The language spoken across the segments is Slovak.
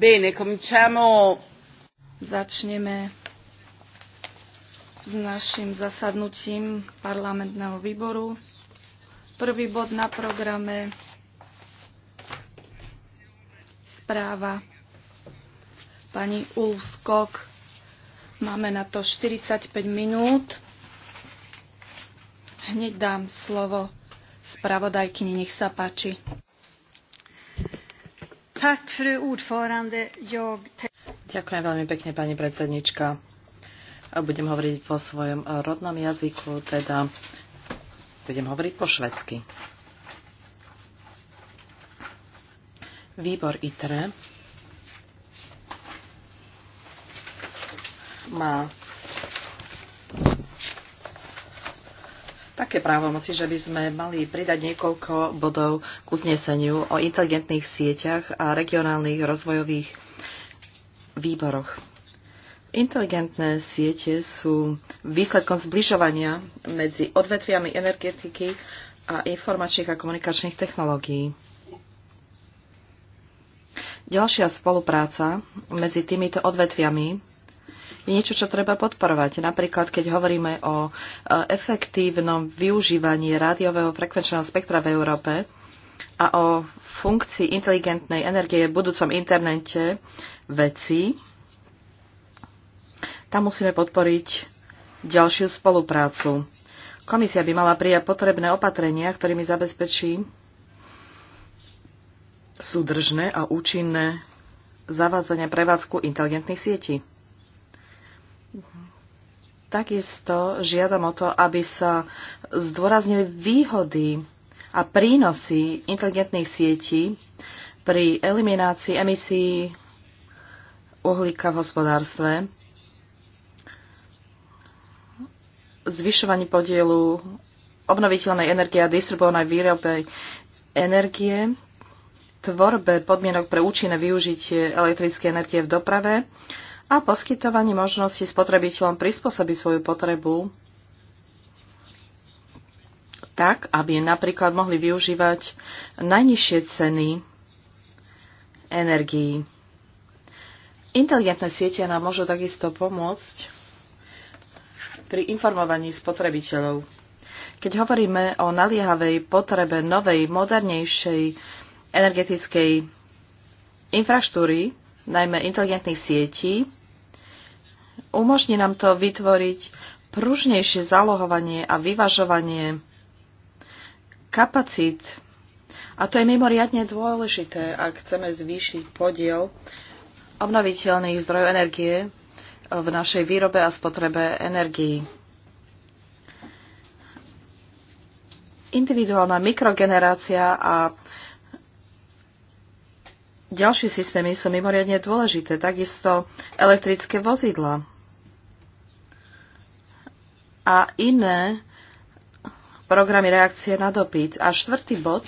Bene, cominciamo. Začneme s našim zasadnutím parlamentného výboru. Prvý bod na programe správa pani Ulskok. Máme na to 45 minút. Hneď dám slovo spravodajkyni, nech sa páči. Tak, fru ordförande, jag... Ďakujem veľmi pekne, pani predsednička. Budem hovoriť po svojom rodnom jazyku, teda budem hovoriť po švedsky. Výbor ITRE má také právomoci, že by sme mali pridať niekoľko bodov k uzneseniu o inteligentných sieťach a regionálnych rozvojových výboroch. Inteligentné siete sú výsledkom zbližovania medzi odvetviami energetiky a informačných a komunikačných technológií. Ďalšia spolupráca medzi týmito odvetviami je niečo, čo treba podporovať. Napríklad, keď hovoríme o e, efektívnom využívaní rádiového frekvenčného spektra v Európe a o funkcii inteligentnej energie v budúcom internete veci, tam musíme podporiť ďalšiu spoluprácu. Komisia by mala prijať potrebné opatrenia, ktorými zabezpečí súdržné a účinné zavádzania prevádzku inteligentných sietí. Takisto žiadam o to, aby sa zdôraznili výhody a prínosy inteligentných sietí pri eliminácii emisí uhlíka v hospodárstve, zvyšovaní podielu obnoviteľnej energie a distribuovanej výrobe energie, tvorbe podmienok pre účinné využitie elektrické energie v doprave, a poskytovanie možnosti spotrebiteľom prispôsobiť svoju potrebu tak, aby napríklad mohli využívať najnižšie ceny energií. Inteligentné siete nám môžu takisto pomôcť pri informovaní spotrebiteľov. Keď hovoríme o naliehavej potrebe novej, modernejšej energetickej infraštúry, najmä inteligentných sietí, Umožní nám to vytvoriť pružnejšie zalohovanie a vyvažovanie kapacít. A to je mimoriadne dôležité, ak chceme zvýšiť podiel obnoviteľných zdrojov energie v našej výrobe a spotrebe energií. Individuálna mikrogenerácia a Ďalšie systémy sú mimoriadne dôležité, takisto elektrické vozidla a iné programy reakcie na dopyt. A štvrtý bod,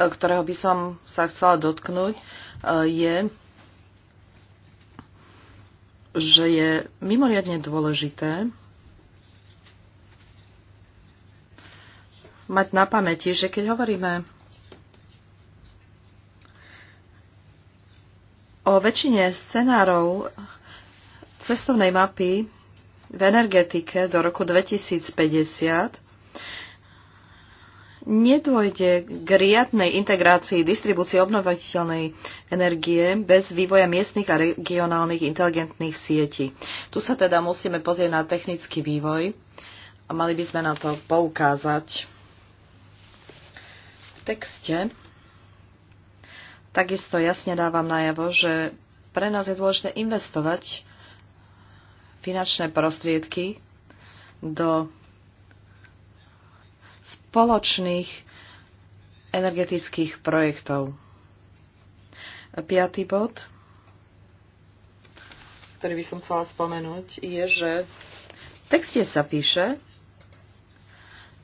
ktorého by som sa chcela dotknúť, e, je, že je mimoriadne dôležité, mať na pamäti, že keď hovoríme O väčšine scenárov cestovnej mapy v energetike do roku 2050 nedôjde k riadnej integrácii distribúcie obnovateľnej energie bez vývoja miestnych a regionálnych inteligentných sietí. Tu sa teda musíme pozrieť na technický vývoj a mali by sme na to poukázať v texte Takisto jasne dávam najavo, že pre nás je dôležité investovať finančné prostriedky do spoločných energetických projektov. Piatý bod, ktorý by som chcela spomenúť, je, že v texte sa píše,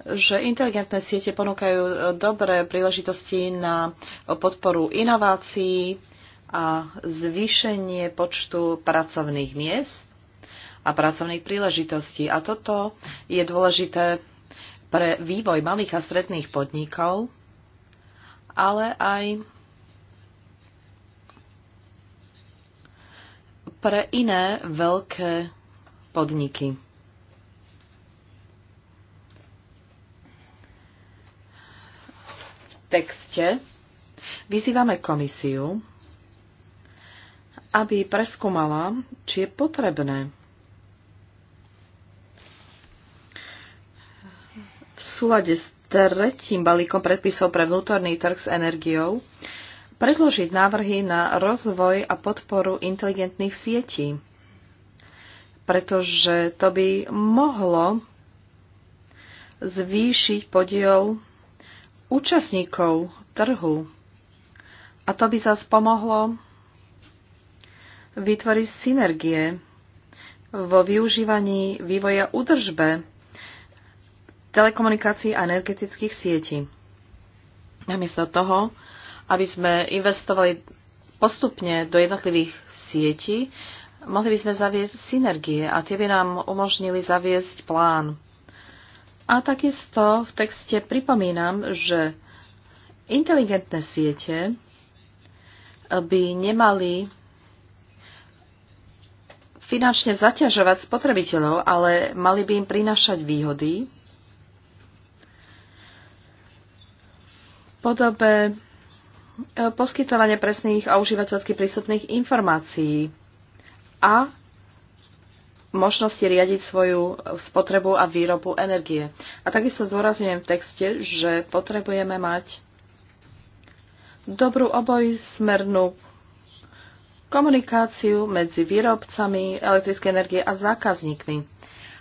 že inteligentné siete ponúkajú e, dobré príležitosti na podporu inovácií a zvýšenie počtu pracovných miest a pracovných príležitostí. A toto je dôležité pre vývoj malých a stredných podnikov, ale aj pre iné veľké podniky. texte vyzývame komisiu, aby preskúmala, či je potrebné v súlade s tretím balíkom predpisov pre vnútorný trh s energiou predložiť návrhy na rozvoj a podporu inteligentných sietí, pretože to by mohlo zvýšiť podiel účastníkov trhu. A to by zase pomohlo vytvoriť synergie vo využívaní vývoja údržbe telekomunikácií a energetických sietí. Namiesto toho, aby sme investovali postupne do jednotlivých sietí, mohli by sme zaviesť synergie a tie by nám umožnili zaviesť plán a takisto v texte pripomínam, že inteligentné siete by nemali finančne zaťažovať spotrebiteľov, ale mali by im prinašať výhody v podobe e, poskytovania presných a užívateľsky prístupných informácií a možnosti riadiť svoju spotrebu a výrobu energie. A takisto zdôrazňujem v texte, že potrebujeme mať dobrú obojsmernú komunikáciu medzi výrobcami elektrickej energie a zákazníkmi.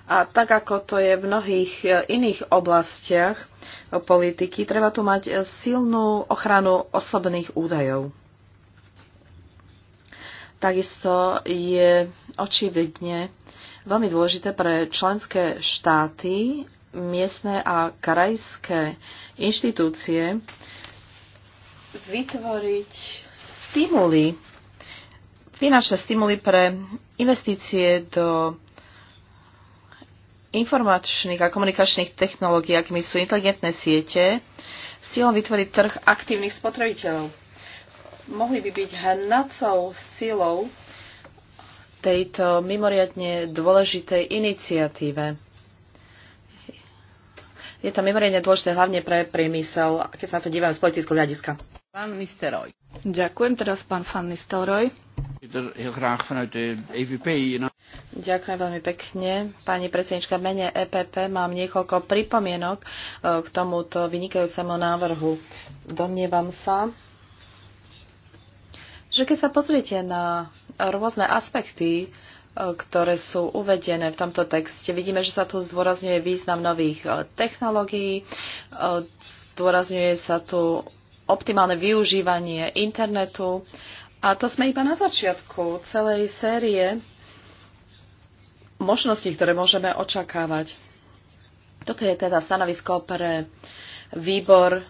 A tak ako to je v mnohých e, iných oblastiach politiky, treba tu mať silnú ochranu osobných údajov takisto je očividne veľmi dôležité pre členské štáty, miestne a krajské inštitúcie vytvoriť stimuly, finančné stimuly pre investície do informačných a komunikačných technológií, akými sú inteligentné siete, s cieľom vytvoriť trh aktívnych spotrebiteľov mohli by byť hnacou silou tejto mimoriadne dôležitej iniciatíve. Je to mimoriadne dôležité hlavne pre priemysel, keď sa na to dívam z politického hľadiska. Pán Nisteroj. Ďakujem teraz pán Fan Nistelroj. E Ďakujem veľmi pekne. Pani predsednička, mene EPP mám niekoľko pripomienok eh, k tomuto vynikajúcemu návrhu. Domnievam sa, že keď sa pozriete na rôzne aspekty, e, ktoré sú uvedené v tomto texte. Vidíme, že sa tu zdôrazňuje význam nových e, technológií, e, zdôrazňuje sa tu optimálne využívanie internetu. A to sme iba na začiatku celej série možností, ktoré môžeme očakávať. Toto je teda stanovisko pre výbor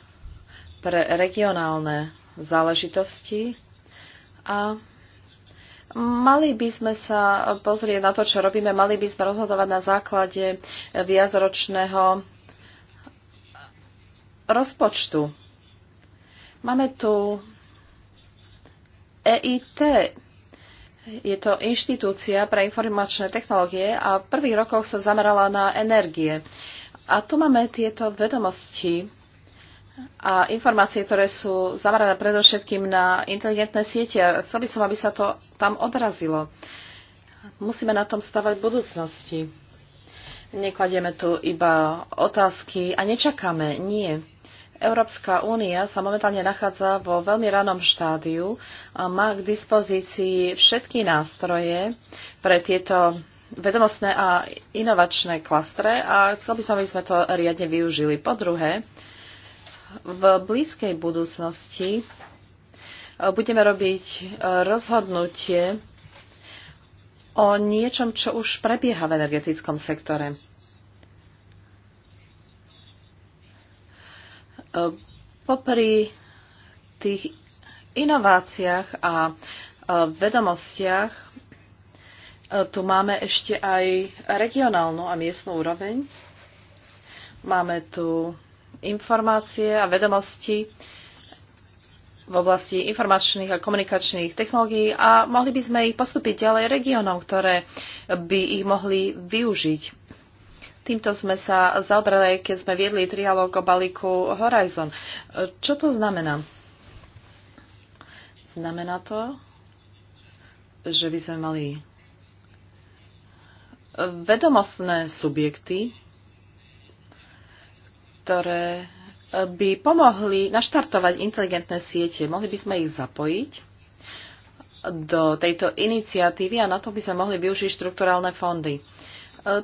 pre regionálne záležitosti a Mali by sme sa pozrieť na to, čo robíme, mali by sme rozhodovať na základe viacročného rozpočtu. Máme tu EIT. Je to inštitúcia pre informačné technológie a v prvých rokoch sa zamerala na energie. A tu máme tieto vedomosti a informácie, ktoré sú zamerané predovšetkým na inteligentné siete. Chcel by som, aby sa to tam odrazilo. Musíme na tom stavať v budúcnosti. Nekladieme tu iba otázky a nečakáme. Nie. Európska únia sa momentálne nachádza vo veľmi ranom štádiu a má k dispozícii všetky nástroje pre tieto vedomostné a inovačné klastre a chcel by som, aby sme to riadne využili. Po druhé, v blízkej budúcnosti e, budeme robiť e, rozhodnutie o niečom, čo už prebieha v energetickom sektore. E, popri tých inováciách a vedomostiach tu máme ešte aj regionálnu a miestnú úroveň. Máme tu informácie a vedomosti v oblasti informačných a komunikačných technológií a mohli by sme ich postúpiť ďalej regiónom, ktoré by ich mohli využiť. Týmto sme sa zaobrali, keď sme viedli trialóg o balíku Horizon. Čo to znamená? Znamená to, že by sme mali vedomostné subjekty, ktoré e, by pomohli naštartovať inteligentné siete. Mohli by sme ich zapojiť do tejto iniciatívy a na to by sme mohli využiť štrukturálne fondy. E,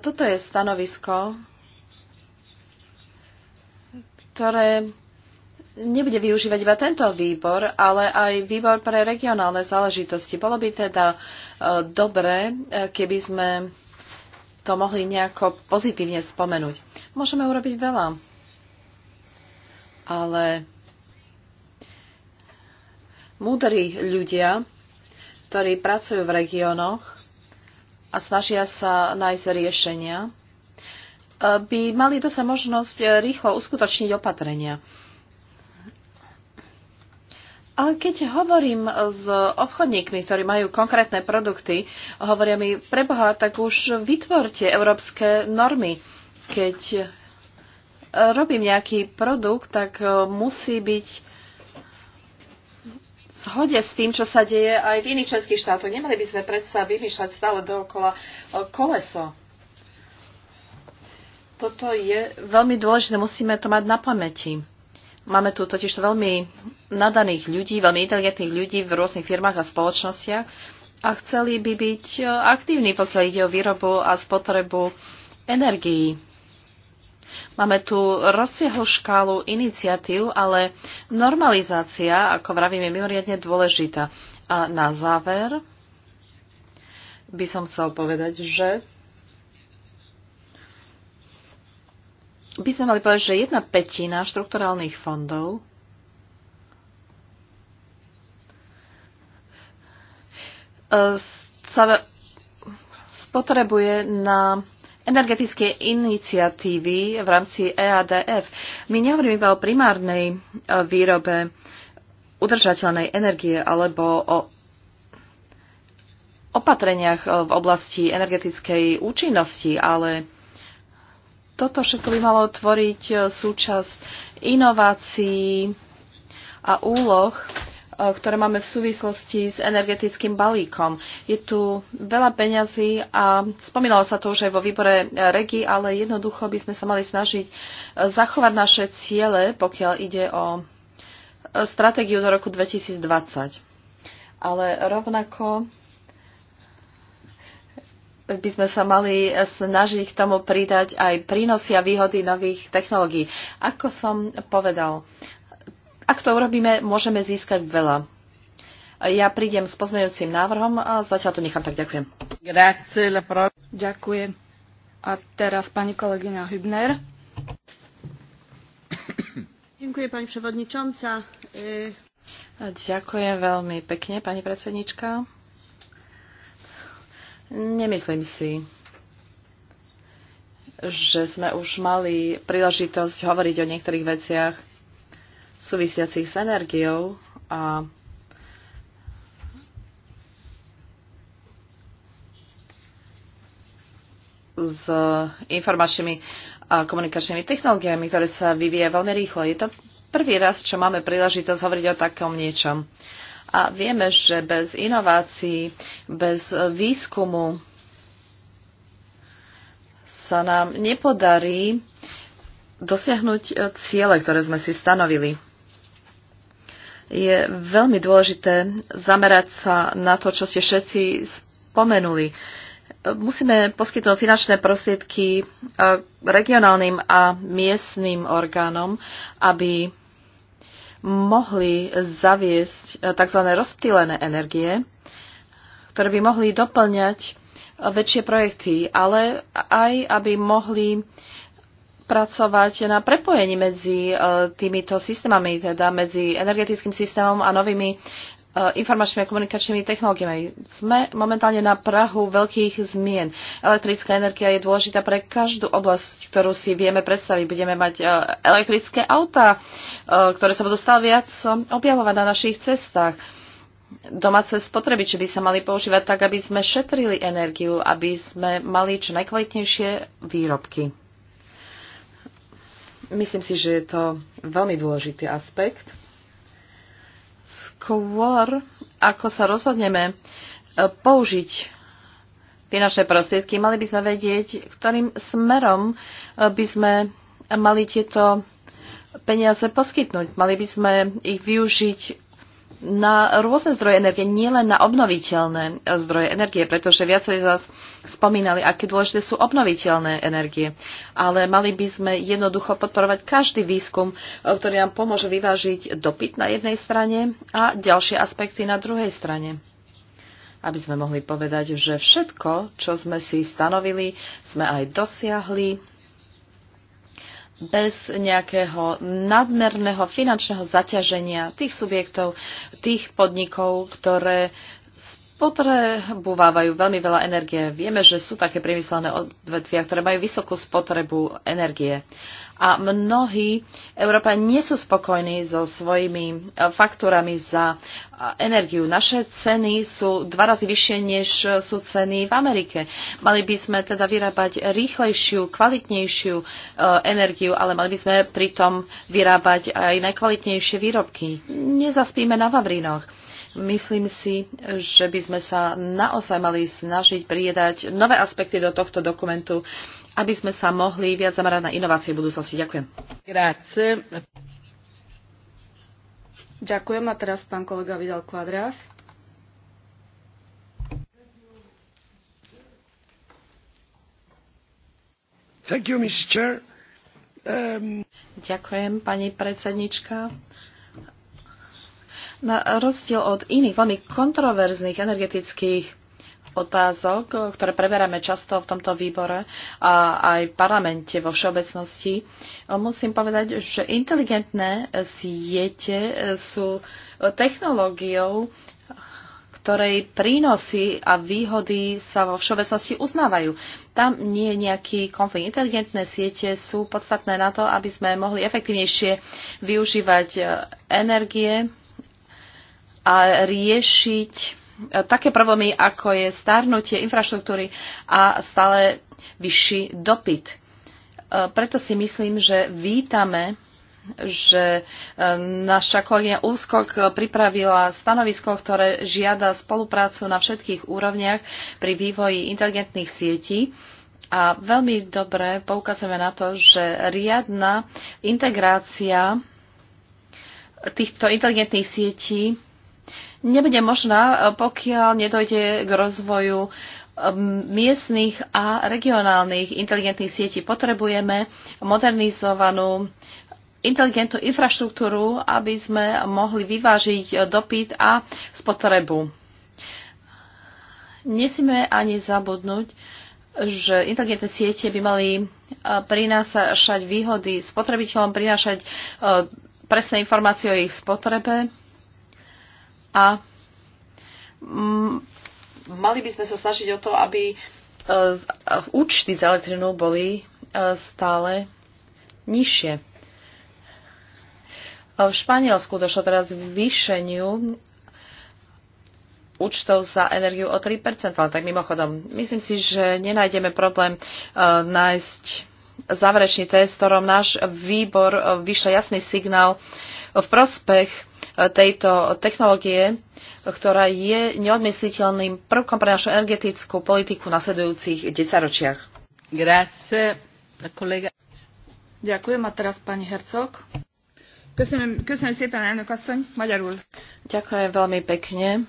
toto je stanovisko, ktoré nebude využívať iba tento výbor, ale aj výbor pre regionálne záležitosti. Bolo by teda e, dobre, keby sme to mohli nejako pozitívne spomenúť. Môžeme urobiť veľa ale múdri ľudia, ktorí pracujú v regiónoch a snažia sa nájsť riešenia, e, by mali dosť možnosť rýchlo uskutočniť opatrenia. A keď hovorím s obchodníkmi, ktorí majú konkrétne produkty, hovoria mi, preboha, tak už vytvorte európske normy. Keď robím nejaký produkt, tak e, musí byť v zhode s tým, čo sa deje aj v iných členských štátoch. Nemali by sme predsa vymýšľať stále dookola e, koleso. Toto je veľmi dôležité, musíme to mať na pamäti. Máme tu totiž veľmi nadaných ľudí, veľmi inteligentných ľudí v rôznych firmách a spoločnostiach a chceli by byť e, aktívni, pokiaľ ide o výrobu a spotrebu energií Máme tu rozsiahlu škálu iniciatív, ale normalizácia, ako vravím, je mimoriadne dôležitá. A na záver by som chcel povedať, že by sme mali povedať, že jedna petina štrukturálnych fondov e, sa spotrebuje na energetické iniciatívy v rámci EADF. My nehovoríme iba o primárnej e, výrobe udržateľnej energie alebo o opatreniach e, v oblasti energetickej účinnosti, ale toto všetko by malo tvoriť e, súčasť inovácií a úloh Eh, ktoré máme v súvislosti s energetickým balíkom. Je tu veľa peňazí a spomínalo sa to už aj vo výbore eh, REGI, ale jednoducho by sme sa mali snažiť eh, zachovať naše ciele, pokiaľ ide o stratégiu do roku 2020. Ale rovnako by sme sa mali snažiť k tomu pridať aj prínosy a výhody nových technológií. Ako som povedal, ak to urobíme, môžeme získať veľa. Ja prídem s pozmeňujúcim návrhom a zatiaľ to nechám tak. Ďakujem. Ďakujem. A teraz pani kolegyňa Hübner. Ďakujem, pani przewodnicząca. E, ďakujem veľmi pekne, pani predsednička. Nemyslím si, že sme už mali príležitosť hovoriť o niektorých veciach, súvisiacich s energiou a s informačnými a komunikačnými technológiami, ktoré sa vyvíja veľmi rýchlo. Je to prvý raz, čo máme príležitosť hovoriť o takom niečom. A vieme, že bez inovácií, bez výskumu sa nám nepodarí dosiahnuť ciele, ktoré sme si stanovili je veľmi dôležité zamerať sa na to, čo ste všetci spomenuli. Musíme poskytnúť finančné prostriedky e, regionálnym a miestnym orgánom, aby mohli zaviesť e, tzv. rozptýlené energie, ktoré by mohli doplňať e, väčšie projekty, ale aj aby mohli pracovať na prepojení medzi e, týmito systémami, teda medzi energetickým systémom a novými e, informačnými a komunikačnými technológiami. Sme momentálne na Prahu veľkých zmien. Elektrická energia je dôležitá pre každú oblasť, ktorú si vieme predstaviť. Budeme mať e, elektrické autá, ktoré sa budú stále viac objavovať na našich cestách domáce spotrebiče by sa mali používať tak, aby sme šetrili energiu, aby sme mali čo najkvalitnejšie výrobky. Myslím si, že je to veľmi dôležitý aspekt. Skôr, ako sa rozhodneme e, použiť tie naše prostriedky, mali by sme vedieť, ktorým smerom e, by sme mali tieto peniaze poskytnúť. Mali by sme ich využiť na rôzne zdroje energie, nielen na obnoviteľné zdroje energie, pretože viacerí z vás spomínali, aké dôležité sú obnoviteľné energie. Ale mali by sme jednoducho podporovať každý výskum, ktorý nám pomôže vyvážiť dopyt na jednej strane a ďalšie aspekty na druhej strane. Aby sme mohli povedať, že všetko, čo sme si stanovili, sme aj dosiahli bez nejakého nadmerného finančného zaťaženia tých subjektov, tých podnikov, ktoré potrebovávajú veľmi veľa energie. Vieme, že sú také priemyselné odvetvia, ktoré majú vysokú spotrebu energie. A mnohí Európa nie sú spokojní so svojimi e, faktúrami za e, energiu. Naše ceny sú dva razy vyššie, než sú ceny v Amerike. Mali by sme teda vyrábať rýchlejšiu, kvalitnejšiu e, energiu, ale mali by sme pritom vyrábať aj najkvalitnejšie výrobky. Nezaspíme na Vavrinoch Myslím si, že by sme sa naozaj mali snažiť prijedať nové aspekty do tohto dokumentu, aby sme sa mohli viac zamerať na inovácie v budúcnosti. Ďakujem. Grazie. Ďakujem a teraz pán kolega Vidal Kvadrás. You, um... Ďakujem, pani predsednička. Na rozdiel od iných veľmi kontroverzných energetických otázok, ktoré preberáme často v tomto výbore a aj v parlamente vo všeobecnosti, musím povedať, že inteligentné siete sú technológiou, ktorej prínosy a výhody sa vo všeobecnosti uznávajú. Tam nie je nejaký konflikt. Inteligentné siete sú podstatné na to, aby sme mohli efektívnejšie využívať eh, energie a riešiť e, také problémy, ako je starnutie infraštruktúry a stále vyšší dopyt. E, preto si myslím, že vítame že e, naša kolegyňa Úskok pripravila stanovisko, ktoré žiada spoluprácu na všetkých úrovniach pri vývoji inteligentných sietí. A veľmi dobre poukazujeme na to, že riadna integrácia týchto inteligentných sietí nebude možná, e, pokiaľ nedojde k rozvoju e, miestnych a regionálnych inteligentných sietí. Potrebujeme modernizovanú inteligentnú infraštruktúru, aby sme mohli vyvážiť dopyt a spotrebu. Nesíme ani zabudnúť, že inteligentné siete by mali e, prinášať výhody spotrebiteľom, prinášať presné informácie o ich spotrebe a mm, mali by sme sa snažiť o to, aby e, účty za elektrinu boli e, stále nižšie. V Španielsku došlo teraz k zvýšeniu účtov za energiu o 3%, ale tak mimochodom, myslím si, že nenájdeme problém uh, nájsť záverečný test, ktorom náš výbor uh, vyšle jasný signál v prospech tejto technológie, ktorá je neodmysliteľným prvkom pre našu energetickú politiku v nasledujúcich desaťročiach. Grazie, kolega. Ďakujem a teraz pani Hercog. Köszönöm, szépen, elnök asszony, magyarul. Ďakujem veľmi pekne.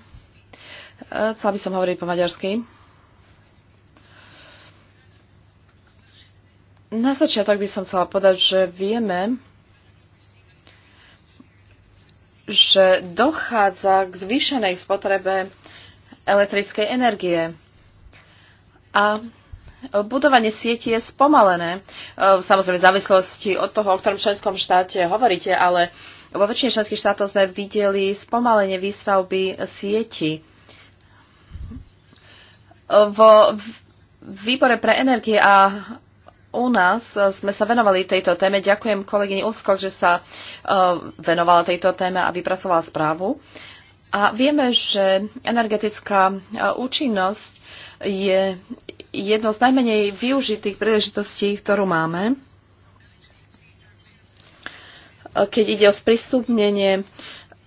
Chcel by som hovoriť po maďarsky. Na začiatok by som chcela povedať, že vieme, že dochádza k zvýšenej spotrebe elektrickej energie. A budovanie sieti je spomalené, e, samozrejme v závislosti od toho, o ktorom členskom štáte hovoríte, ale vo väčšine členských štátov sme videli spomalenie výstavby sieti. E, vo výbore pre energie a u nás eh, sme sa venovali tejto téme. Ďakujem kolegyni Ulskok, že sa eh, venovala tejto téme a vypracovala správu. A vieme, že energetická eh, účinnosť je jedno z najmenej využitých príležitostí, ktorú máme, keď ide o sprístupnenie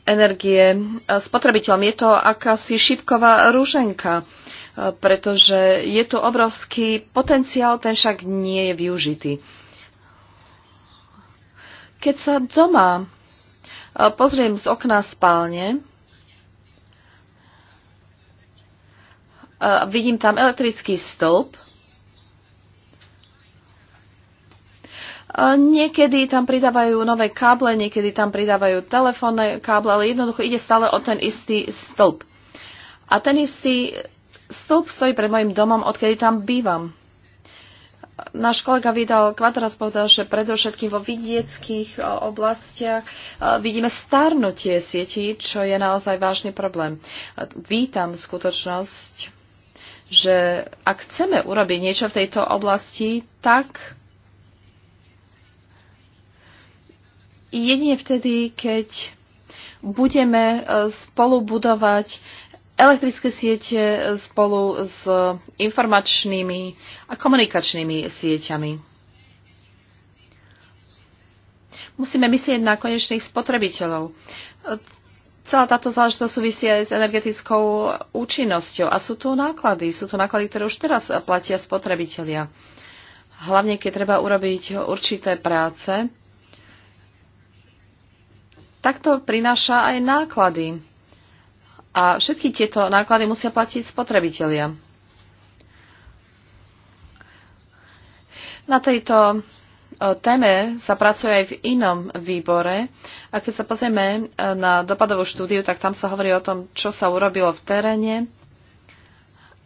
energie spotrebiteľom. Je to akási šípková rúženka pretože je tu obrovský potenciál, ten však nie je využitý. Keď sa doma e, pozriem z okna spálne, e, vidím tam elektrický stĺp. Niekedy tam pridávajú nové káble, niekedy tam pridávajú telefónne káble, ale jednoducho ide stále o ten istý stĺp. A ten istý Stĺp stojí pred mojim domom, odkedy tam bývam. Náš kolega Vidal Kvatras povedal, že predovšetkým vo vidieckých oblastiach vidíme starnutie sieti, čo je naozaj vážny problém. Vítam skutočnosť, že ak chceme urobiť niečo v tejto oblasti, tak jedine vtedy, keď budeme e, spolu budovať elektrické siete spolu s informačnými a komunikačnými sieťami. Musíme myslieť na konečných spotrebiteľov. Celá táto záležitosť súvisí aj s energetickou účinnosťou a sú tu náklady. Sú tu náklady, ktoré už teraz platia spotrebitelia. Hlavne, keď treba urobiť určité práce, tak to prináša aj náklady a všetky tieto náklady musia platiť spotrebitelia. Na tejto e, téme sa pracuje aj v inom výbore a keď sa pozrieme e, na dopadovú štúdiu, tak tam sa hovorí o tom, čo sa urobilo v teréne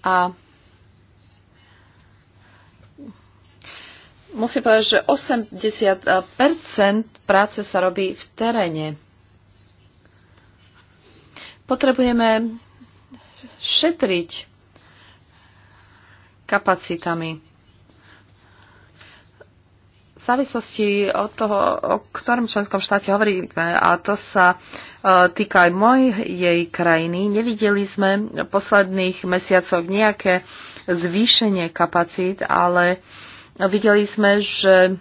a musím povedať, že 80% práce sa robí v teréne. Potrebujeme šetriť kapacitami. V závislosti od toho, o ktorom členskom štáte hovoríme, a to sa e, týka aj mojej krajiny, nevideli sme v posledných mesiacoch nejaké zvýšenie kapacít, ale videli sme, že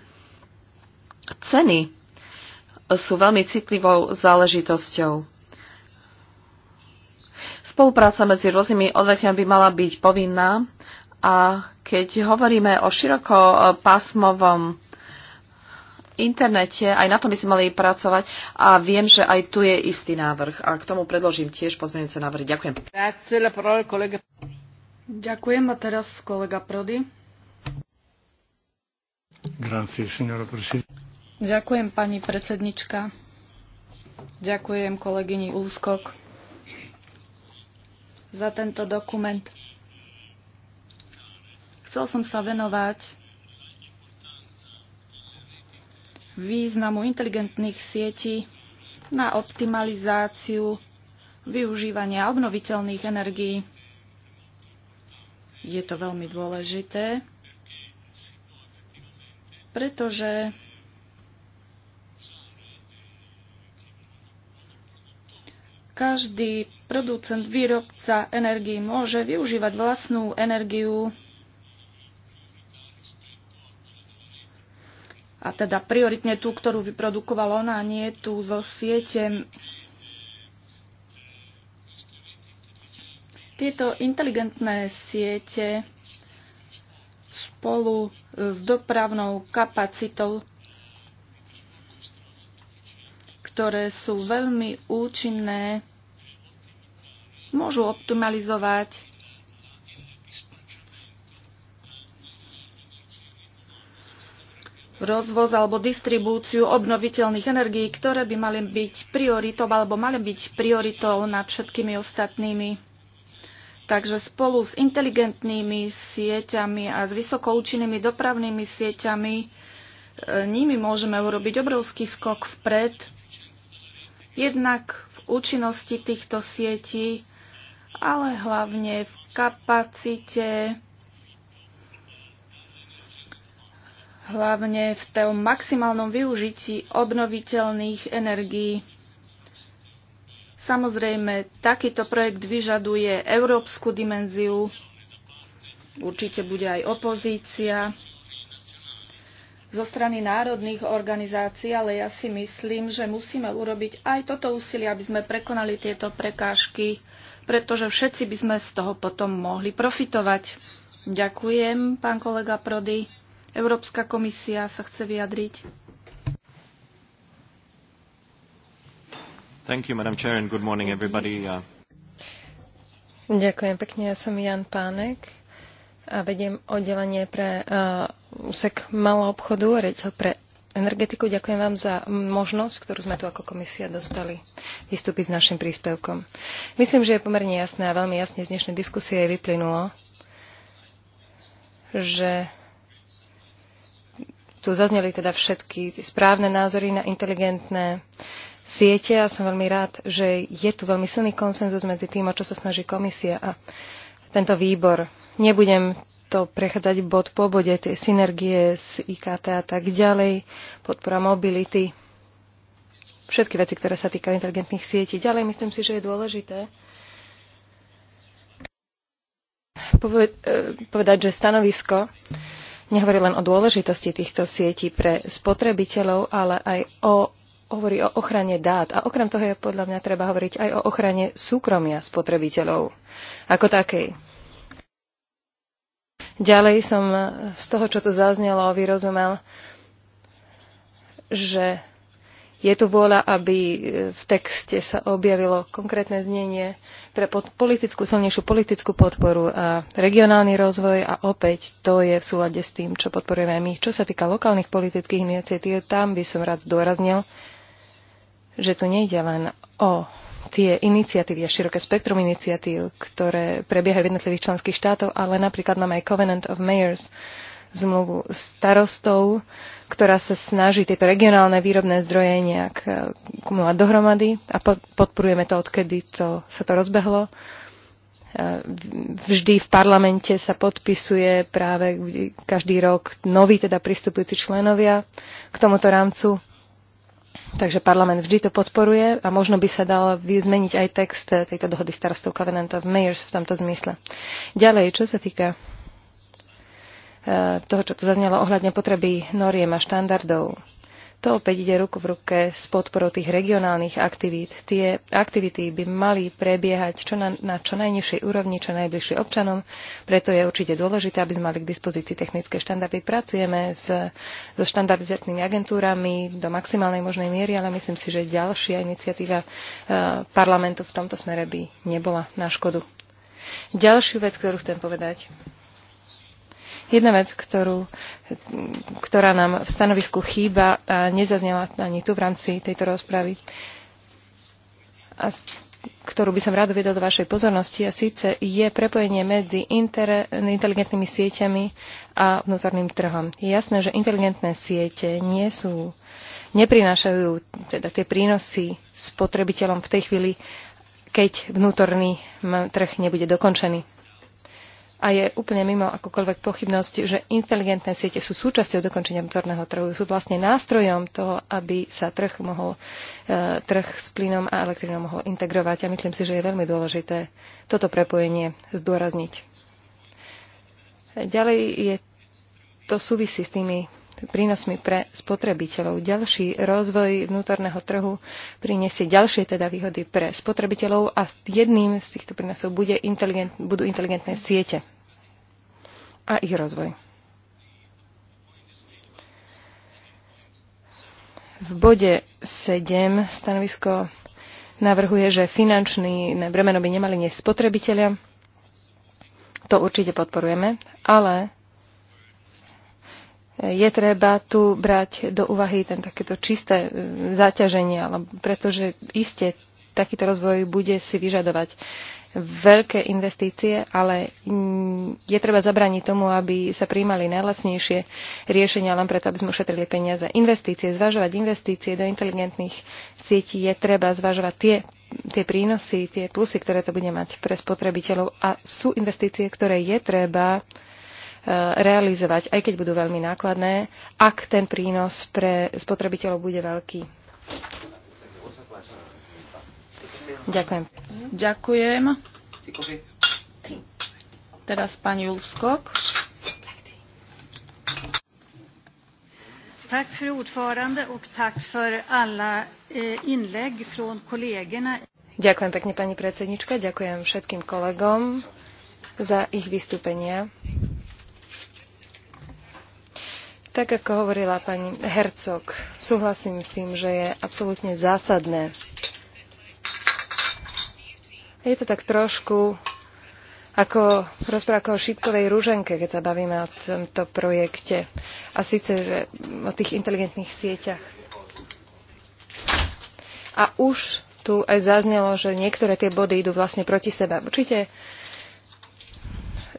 ceny sú veľmi citlivou záležitosťou Spolupráca medzi rôznymi odvetviami by mala byť povinná a keď hovoríme o širokopásmovom internete, aj na to by sme mali pracovať a viem, že aj tu je istý návrh a k tomu predložím tiež pozmeňujúce návrhy. Ďakujem. Ďakujem a teraz kolega Prody. Grazie, Ďakujem pani predsednička. Ďakujem kolegyni Úskok za tento dokument. Chcel som sa venovať významu inteligentných sietí na optimalizáciu využívania obnoviteľných energií. Je to veľmi dôležité, pretože Každý producent, výrobca energii môže využívať vlastnú energiu a teda prioritne tú, ktorú vyprodukovala ona, a nie tú zo siete. Tieto inteligentné siete spolu s dopravnou kapacitou ktoré sú veľmi účinné, môžu optimalizovať rozvoz alebo distribúciu obnoviteľných energií, ktoré by mali byť prioritou alebo mali byť prioritou nad všetkými ostatnými. Takže spolu s inteligentnými sieťami a s vysokoučinnými dopravnými sieťami e, nimi môžeme urobiť obrovský skok vpred jednak v účinnosti týchto sietí, ale hlavne v kapacite, hlavne v tom maximálnom využití obnoviteľných energií. Samozrejme, takýto projekt vyžaduje európsku dimenziu, určite bude aj opozícia zo strany národných organizácií, ale ja si myslím, že musíme urobiť aj toto úsilie, aby sme prekonali tieto prekážky, pretože všetci by sme z toho potom mohli profitovať. Ďakujem, pán kolega Prody. Európska komisia sa chce vyjadriť. Thank you, Madam Chair, and good morning, everybody. Uh, Ďakujem pekne, ja som Jan Pánek a Vediem oddelenie pre e, úsek malého obchodu, riaditeľ pre energetiku. Ďakujem vám za možnosť, ktorú sme tu ako komisia dostali vystúpiť s našim príspevkom. Myslím, že je pomerne jasné a veľmi jasne z dnešnej diskusie aj vyplynulo, že tu zazneli teda všetky správne názory na inteligentné siete a som veľmi rád, že je tu veľmi silný konsenzus medzi tým, o čo sa snaží komisia a tento výbor. Nebudem to prechádzať bod po bode, tie synergie z IKT a tak ďalej, podpora mobility, všetky veci, ktoré sa týkajú inteligentných sietí. Ďalej myslím si, že je dôležité e, povedať, že stanovisko nehovorí len o dôležitosti týchto sietí pre spotrebiteľov, ale aj o hovorí o ochrane dát a okrem toho je podľa mňa treba hovoriť aj o ochrane súkromia spotrebiteľov ako takej. Ďalej som z toho, čo tu zaznelo, vyrozumel, že je tu vôľa, aby v texte sa objavilo konkrétne znenie pre politickú, silnejšiu politickú podporu a regionálny rozvoj a opäť to je v súlade s tým, čo podporujeme my. Čo sa týka lokálnych politických iniciatív, tam by som rád zdôraznil, že tu nejde len o tie iniciatívy a široké spektrum iniciatív, ktoré prebiehajú v jednotlivých členských štátov, ale napríklad máme aj Covenant of Mayors, zmluvu starostov, ktorá sa snaží tieto regionálne výrobné zdroje nejak e, kumulovať dohromady a podporujeme to, odkedy to, sa to rozbehlo. E, vždy v parlamente sa podpisuje práve každý rok noví, teda pristupujúci členovia k tomuto rámcu Takže parlament vždy to podporuje a možno by sa dal zmeniť aj text eh, tejto dohody starostov Covenant of Mayors v tomto zmysle. Ďalej, čo sa týka eh, toho, čo tu zaznelo ohľadne potreby noriem a štandardov to opäť ide ruku v ruke s podporou tých regionálnych aktivít. Tie aktivity by mali prebiehať čo na, na čo najnižšej úrovni, čo najbližšie občanom, preto je určite dôležité, aby sme mali k dispozícii technické štandardy. Pracujeme s, so štandardizačnými agentúrami do maximálnej možnej miery, ale myslím si, že ďalšia iniciatíva eh, parlamentu v tomto smere by nebola na škodu. Ďalšiu vec, ktorú chcem povedať Jedna vec, ktorú, ktorá nám v stanovisku chýba a nezaznela ani tu v rámci tejto rozpravy, a ktorú by som rád uviedol do vašej pozornosti a síce je prepojenie medzi inter, inteligentnými sieťami a vnútorným trhom. Je jasné, že inteligentné siete nie sú, neprinášajú teda tie prínosy spotrebiteľom v tej chvíli, keď vnútorný trh nebude dokončený a je úplne mimo akúkoľvek pochybnosť, že inteligentné siete sú súčasťou dokončenia vnútorného trhu, sú vlastne nástrojom toho, aby sa trh mohol, e, trh s plynom a elektrínou mohol integrovať a myslím si, že je veľmi dôležité toto prepojenie zdôrazniť. Ďalej je to súvisí s tými prínosmi pre spotrebiteľov. Ďalší rozvoj vnútorného trhu priniesie ďalšie teda výhody pre spotrebiteľov a jedným z týchto prínosov bude inteligent, budú inteligentné siete a ich rozvoj. V bode 7 stanovisko navrhuje, že finančný bremeno by nemali niesť spotrebitelia. To určite podporujeme, ale je treba tu brať do úvahy ten takéto čisté e, zaťaženie, pretože iste takýto rozvoj bude si vyžadovať veľké investície, ale mm, je treba zabrániť tomu, aby sa príjmali najlacnejšie riešenia len preto, aby sme ušetrili peniaze. Investície, zvažovať investície do inteligentných sietí je treba zvažovať tie, tie prínosy, tie plusy, ktoré to bude mať pre spotrebiteľov a sú investície, ktoré je treba uh, realizovať, aj keď budú veľmi nákladné, ak ten prínos pre spotrebiteľov bude veľký. Ďakujem. Ďakujem. Teraz pani Ulfskok. Tak för ordförande och tak för alla eh, inlägg från kollegorna. Ďakujem pekne pani predsednička, ďakujem všetkým kolegom za ich vystúpenia. Tak ako hovorila pani Hercog, súhlasím s tým, že je absolútne zásadné. Je to tak trošku ako rozpráva o šípkovej rúženke, keď sa bavíme o tomto projekte. A síce že o tých inteligentných sieťach. A už tu aj zaznelo, že niektoré tie body idú vlastne proti sebe. Určite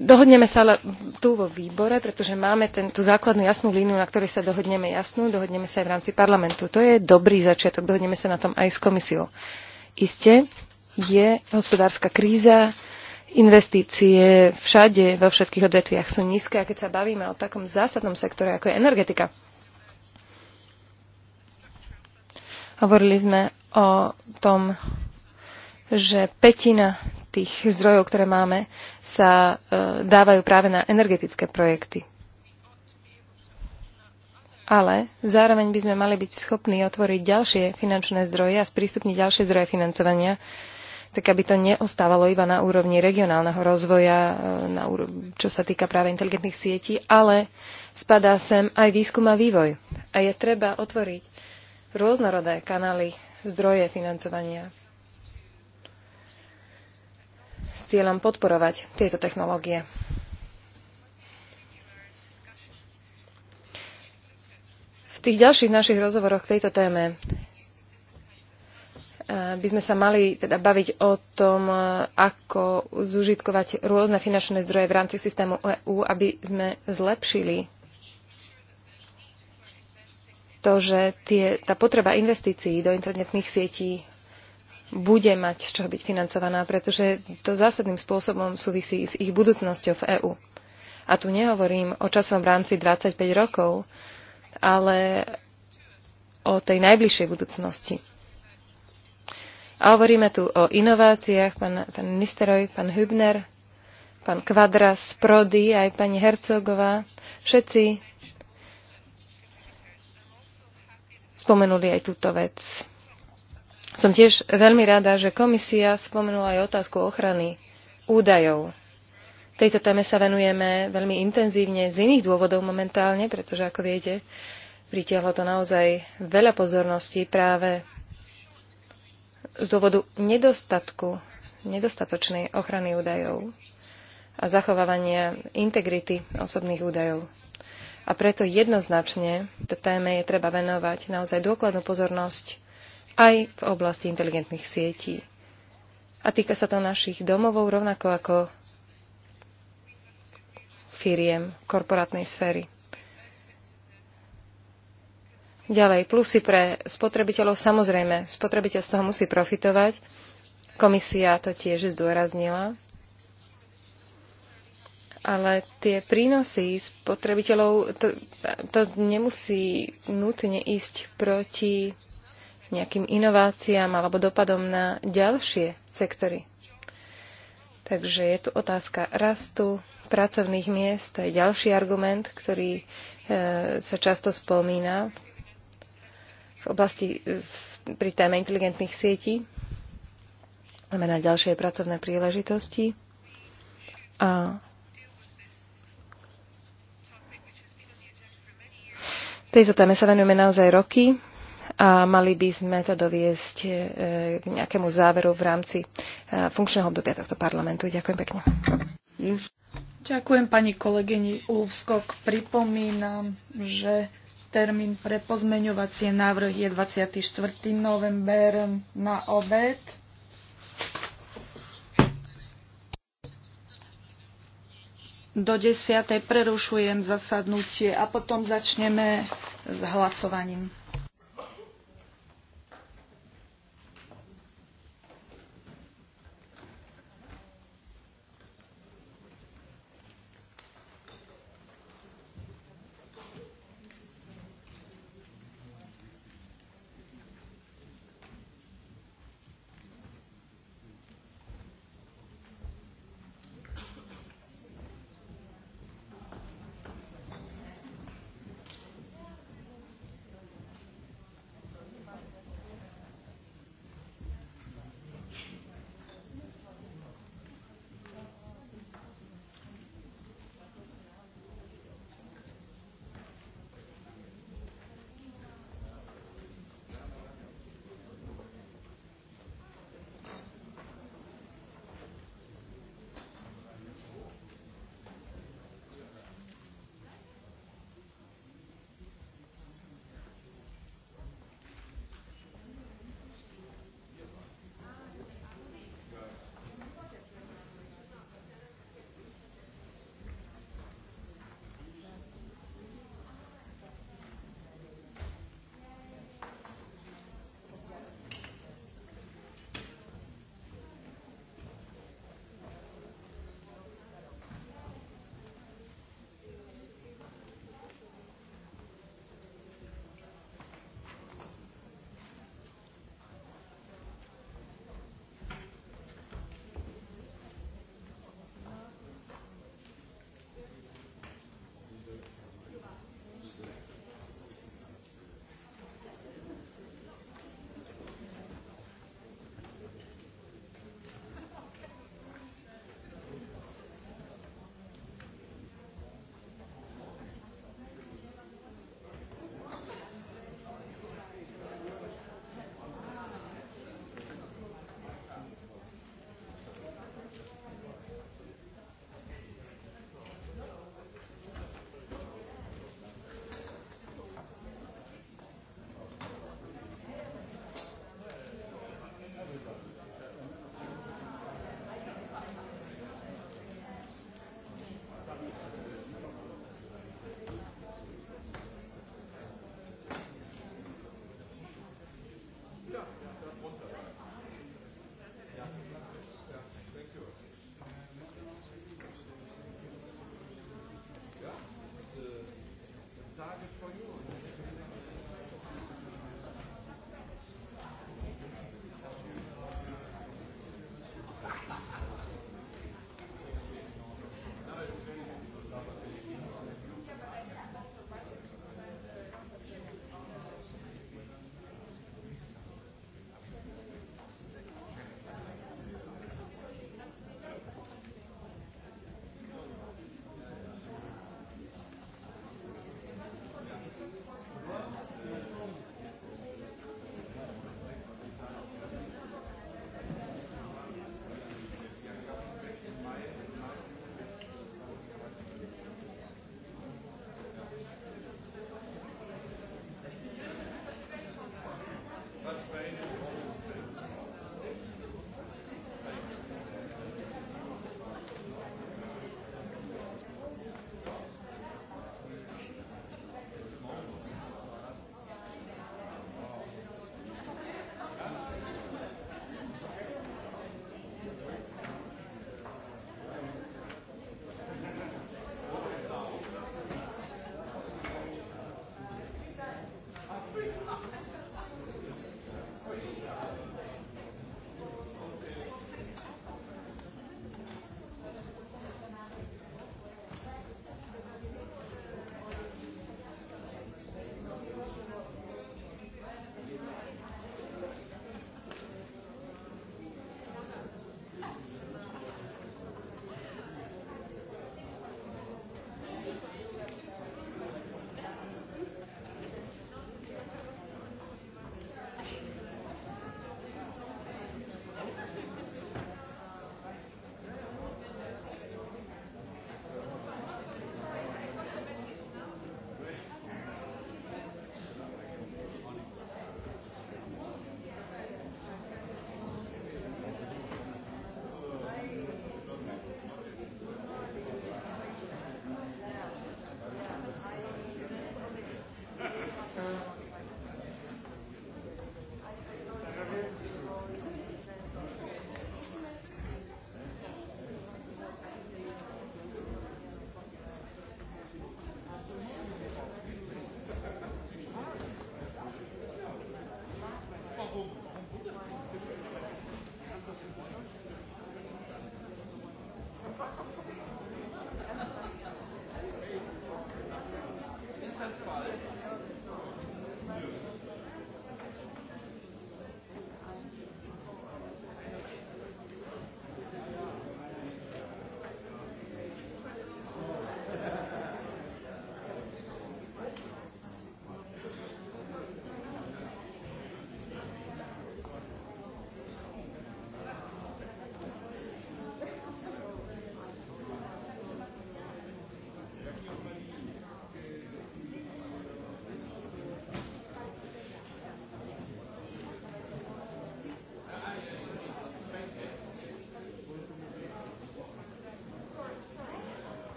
Dohodneme sa ale tu vo výbore, pretože máme ten, tú základnú jasnú líniu, na ktorej sa dohodneme jasnú, dohodneme sa aj v rámci parlamentu. To je dobrý začiatok, dohodneme sa na tom aj s komisiou. Isté je hospodárska kríza, investície všade, vo všetkých odvetviach sú nízke a keď sa bavíme o takom zásadnom sektore, ako je energetika, hovorili sme o tom, že petina tých zdrojov, ktoré máme, sa e, dávajú práve na energetické projekty. Ale zároveň by sme mali byť schopní otvoriť ďalšie finančné zdroje a sprístupniť ďalšie zdroje financovania, tak aby to neostávalo iba na úrovni regionálneho rozvoja, e, na úrov- čo sa týka práve inteligentných sietí, ale spadá sem aj výskum a vývoj. A je treba otvoriť rôznorodé kanály zdroje financovania. cieľom podporovať tieto technológie. V tých ďalších našich rozhovoroch k tejto téme eh, by sme sa mali teda baviť o tom, eh, ako zužitkovať rôzne finančné zdroje v rámci systému EU, aby sme zlepšili to, že tie, tá potreba investícií do internetných sietí bude mať z čoho byť financovaná, pretože to zásadným spôsobom súvisí s ich budúcnosťou v EÚ. A tu nehovorím o časom v rámci 25 rokov, ale o tej najbližšej budúcnosti. A hovoríme tu o inováciách, pán, pán Nisteroj, pán Hübner, pán Kvadras, Prody, aj pani Hercogová. Všetci spomenuli aj túto vec. Som tiež veľmi rada, že komisia spomenula aj otázku ochrany údajov. Tejto téme sa venujeme veľmi intenzívne z iných dôvodov momentálne, pretože ako viete, pritiahlo to naozaj veľa pozorností práve z dôvodu nedostatku, nedostatočnej ochrany údajov a zachovávania integrity osobných údajov. A preto jednoznačne to téme je treba venovať naozaj dôkladnú pozornosť aj v oblasti inteligentných sietí. A týka sa to našich domovov rovnako ako firiem korporátnej sféry. Ďalej, plusy pre spotrebiteľov. Samozrejme, spotrebiteľ z toho musí profitovať. Komisia to tiež zdôraznila. Ale tie prínosy spotrebiteľov, to, to nemusí nutne ísť proti nejakým inováciám alebo dopadom na ďalšie sektory. Takže je tu otázka rastu pracovných miest, to je ďalší argument, ktorý e, sa často spomína v oblasti v, pri téme inteligentných sietí. Máme na ďalšie pracovné príležitosti. A tejto téme sa venujeme naozaj roky a mali by sme to doviesť e, k nejakému záveru v rámci e, funkčného obdobia tohto parlamentu. Ďakujem pekne. Ďakujem pani kolegyni Ulfskok. Pripomínam, že termín pre pozmeňovacie návrhy je 24. november na obed. Do 10. prerušujem zasadnutie a potom začneme s hlasovaním.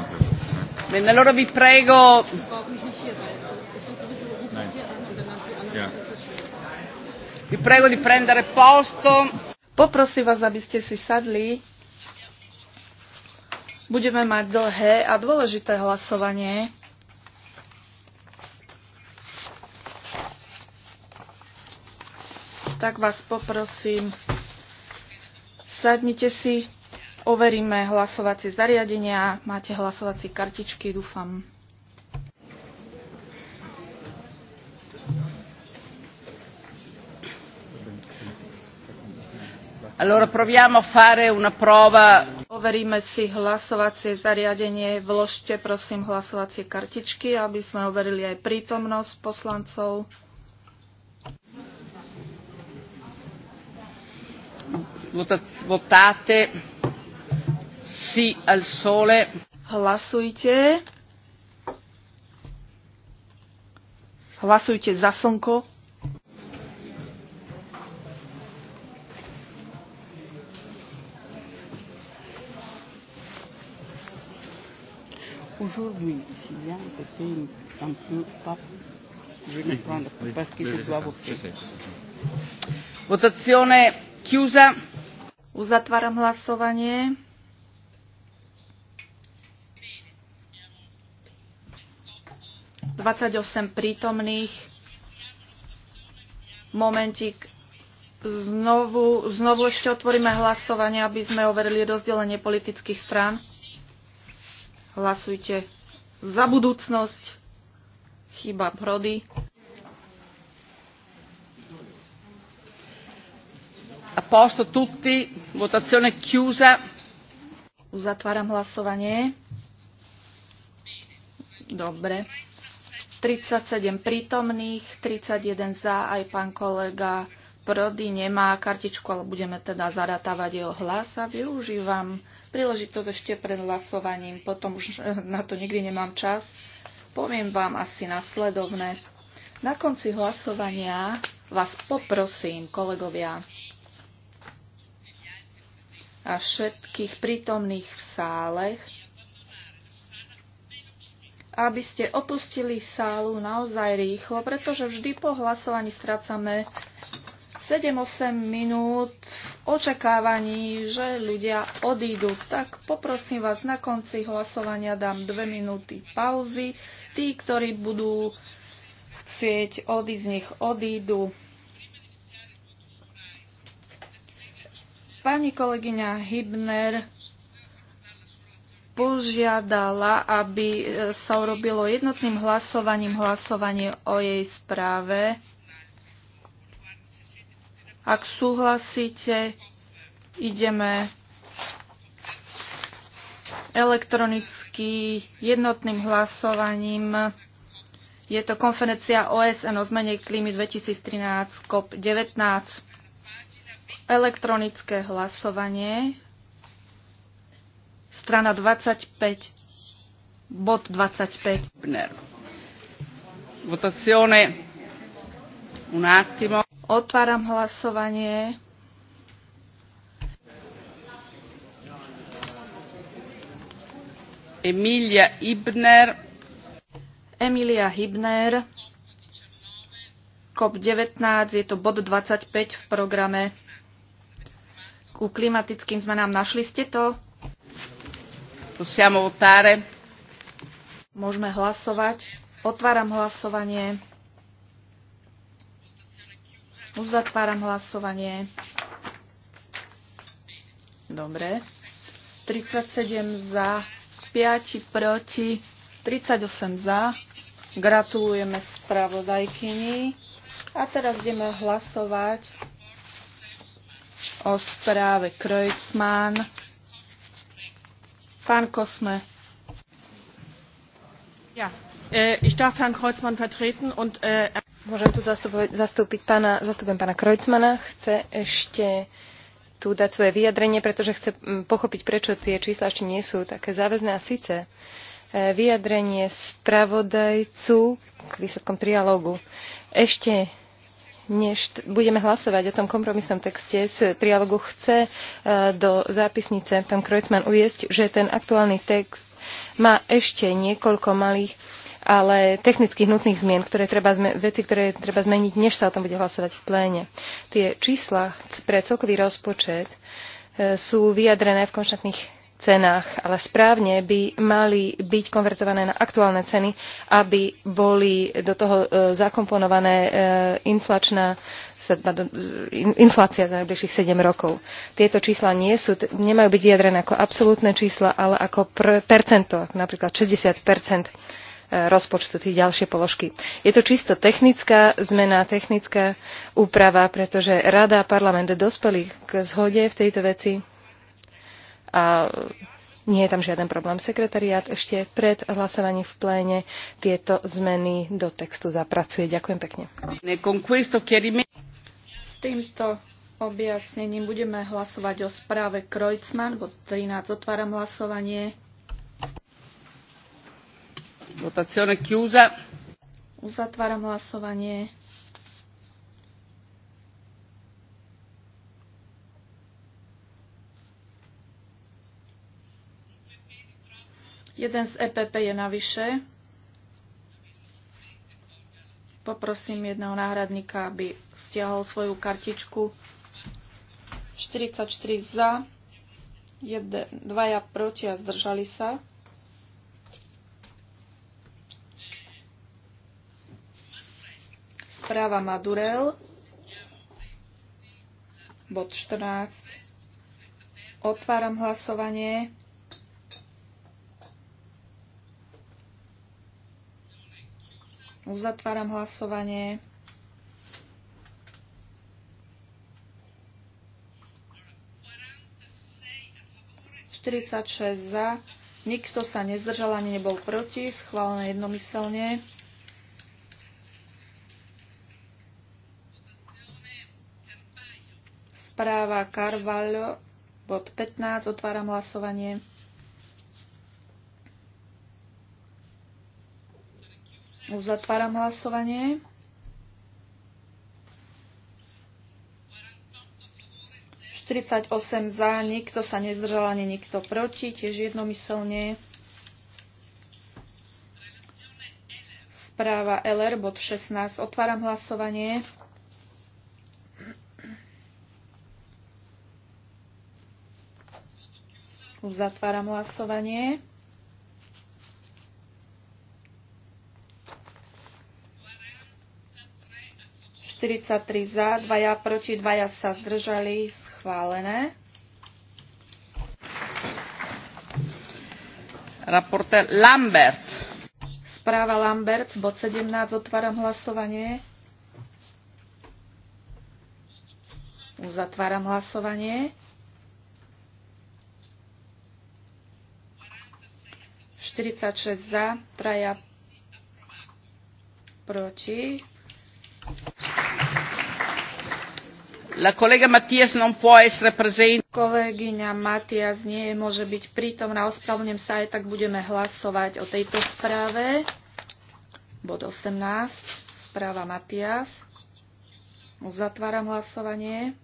esempio. Bene, allora vi prego. Vi prego di prendere posto. Poprosím vás, aby ste si sadli. Budeme mať dlhé a dôležité hlasovanie. Tak vás poprosím, sadnite si overíme hlasovacie zariadenia. Máte hlasovacie kartičky, dúfam. Allora proviamo a fare una prova. Overíme si hlasovacie zariadenie. Vložte prosím hlasovacie kartičky, aby sme overili aj prítomnosť poslancov. Votate. Sì al sole. Hlasujte. Hlasujte za slnko. Aujourd'hui, ici, il y a un côté un peu pas, je vais me prendre parce que je dois vous voter. Votazione chiusa. Uzatvaram hlasovanie. 28 prítomných. Momentík. Znovu, znovu ešte otvoríme hlasovanie, aby sme overili rozdelenie politických strán. Hlasujte za budúcnosť. Chyba Prody. A posto tutti, votazione chiusa. Uzatváram hlasovanie. Dobre. 37 prítomných, 31 za, aj pán kolega Prody nemá kartičku, ale budeme teda zaratávať jeho hlas a využívam príležitosť ešte pred hlasovaním, potom už na to nikdy nemám čas. Poviem vám asi nasledovné. Na konci hlasovania vás poprosím, kolegovia, a všetkých prítomných v sálech, aby ste opustili sálu naozaj rýchlo, pretože vždy po hlasovaní strácame 7-8 minút v očakávaní, že ľudia odídu. Tak poprosím vás, na konci hlasovania dám 2 minúty pauzy. Tí, ktorí budú chcieť odísť, nech odídu. Pani kolegyňa Hibner požiadala, aby e, sa urobilo jednotným hlasovaním hlasovanie o jej správe. Ak súhlasíte, ideme elektronicky jednotným hlasovaním. Je to konferencia OSN o zmene klímy 2013 COP19. Elektronické hlasovanie. Strana 25, bod 25. Votazione un attimo. Otváram hlasovanie. Emilia Hibner. Emilia Hibner. COP19, je to bod 25 v programe ku klimatickým zmenám. Našli ste to? Possiamo votare. Môžeme hlasovať. Otváram hlasovanie. Uzatváram hlasovanie. Dobre. 37 za, 5 proti, 38 za. Gratulujeme spravodajkyni. A teraz ideme hlasovať o správe Kreutzmann Pán Kosme. Ja, äh, ich darf Herrn Kreuzmann vertreten und... E... Môžem tu zastúpiť pána, zastupujem pána Kreuzmana. Chce ešte tu dať svoje vyjadrenie, pretože chce mm, pochopiť, prečo tie čísla ešte nie sú také záväzné. A síce e, vyjadrenie spravodajcu k výsledkom trialógu. Ešte než budeme hlasovať o tom kompromisnom texte z trialogu, chce e, do zápisnice pán Krojcman uviesť, že ten aktuálny text má ešte niekoľko malých ale technických nutných zmien, ktoré treba, veci, ktoré treba zmeniť, než sa o tom bude hlasovať v pléne. Tie čísla pre celkový rozpočet e, sú vyjadrené v konštantných cenách, ale správne by mali byť konvertované na aktuálne ceny, aby boli do toho e, zakomponované e, inflačná e, inflácia za najbližších 7 rokov. Tieto čísla nie sú, nemajú byť vyjadrené ako absolútne čísla, ale ako percento, ako napríklad 60 rozpočtu, tie ďalšie položky. Je to čisto technická zmena, technická úprava, pretože Rada a parlament dospeli k zhode v tejto veci a nie je tam žiaden problém. Sekretariát ešte pred hlasovaním v pléne tieto zmeny do textu zapracuje. Ďakujem pekne. S týmto objasnením budeme hlasovať o správe Krojcman, bod 13. Otváram hlasovanie. Votazione chiusa. Uzatváram hlasovanie. Jeden z EPP je navyše. Poprosím jedného náhradníka, aby stiahol svoju kartičku. 44 za, 1, 2 proti a zdržali sa. Správa Madurel, bod 14. Otváram hlasovanie. Uzatváram hlasovanie. za. Nikto sa nezdržal ani nebol proti. Schválené jednomyselne. Správa Carvalho, bod 15. Otváram hlasovanie. Uzatváram hlasovanie. Štyridsaťosem za, nikto sa nezdržal ani nikto proti, tiež jednomyselne. Správa LR, bod 16. Otváram hlasovanie. Uzatváram hlasovanie. 43 za, 2 proti, 2 sa zdržali, schválené. Raporte Lambert. Správa Lambert, bod 17, otváram hlasovanie. Uzatváram hlasovanie. 46 za, traja proti, La collega Matias non può essere presente. Kolegyňa Matias nie môže byť prítomná. Ospravedlňujem sa, aj tak budeme hlasovať o tejto správe. Bod 18. Správa Matias. Uzatváram hlasovanie.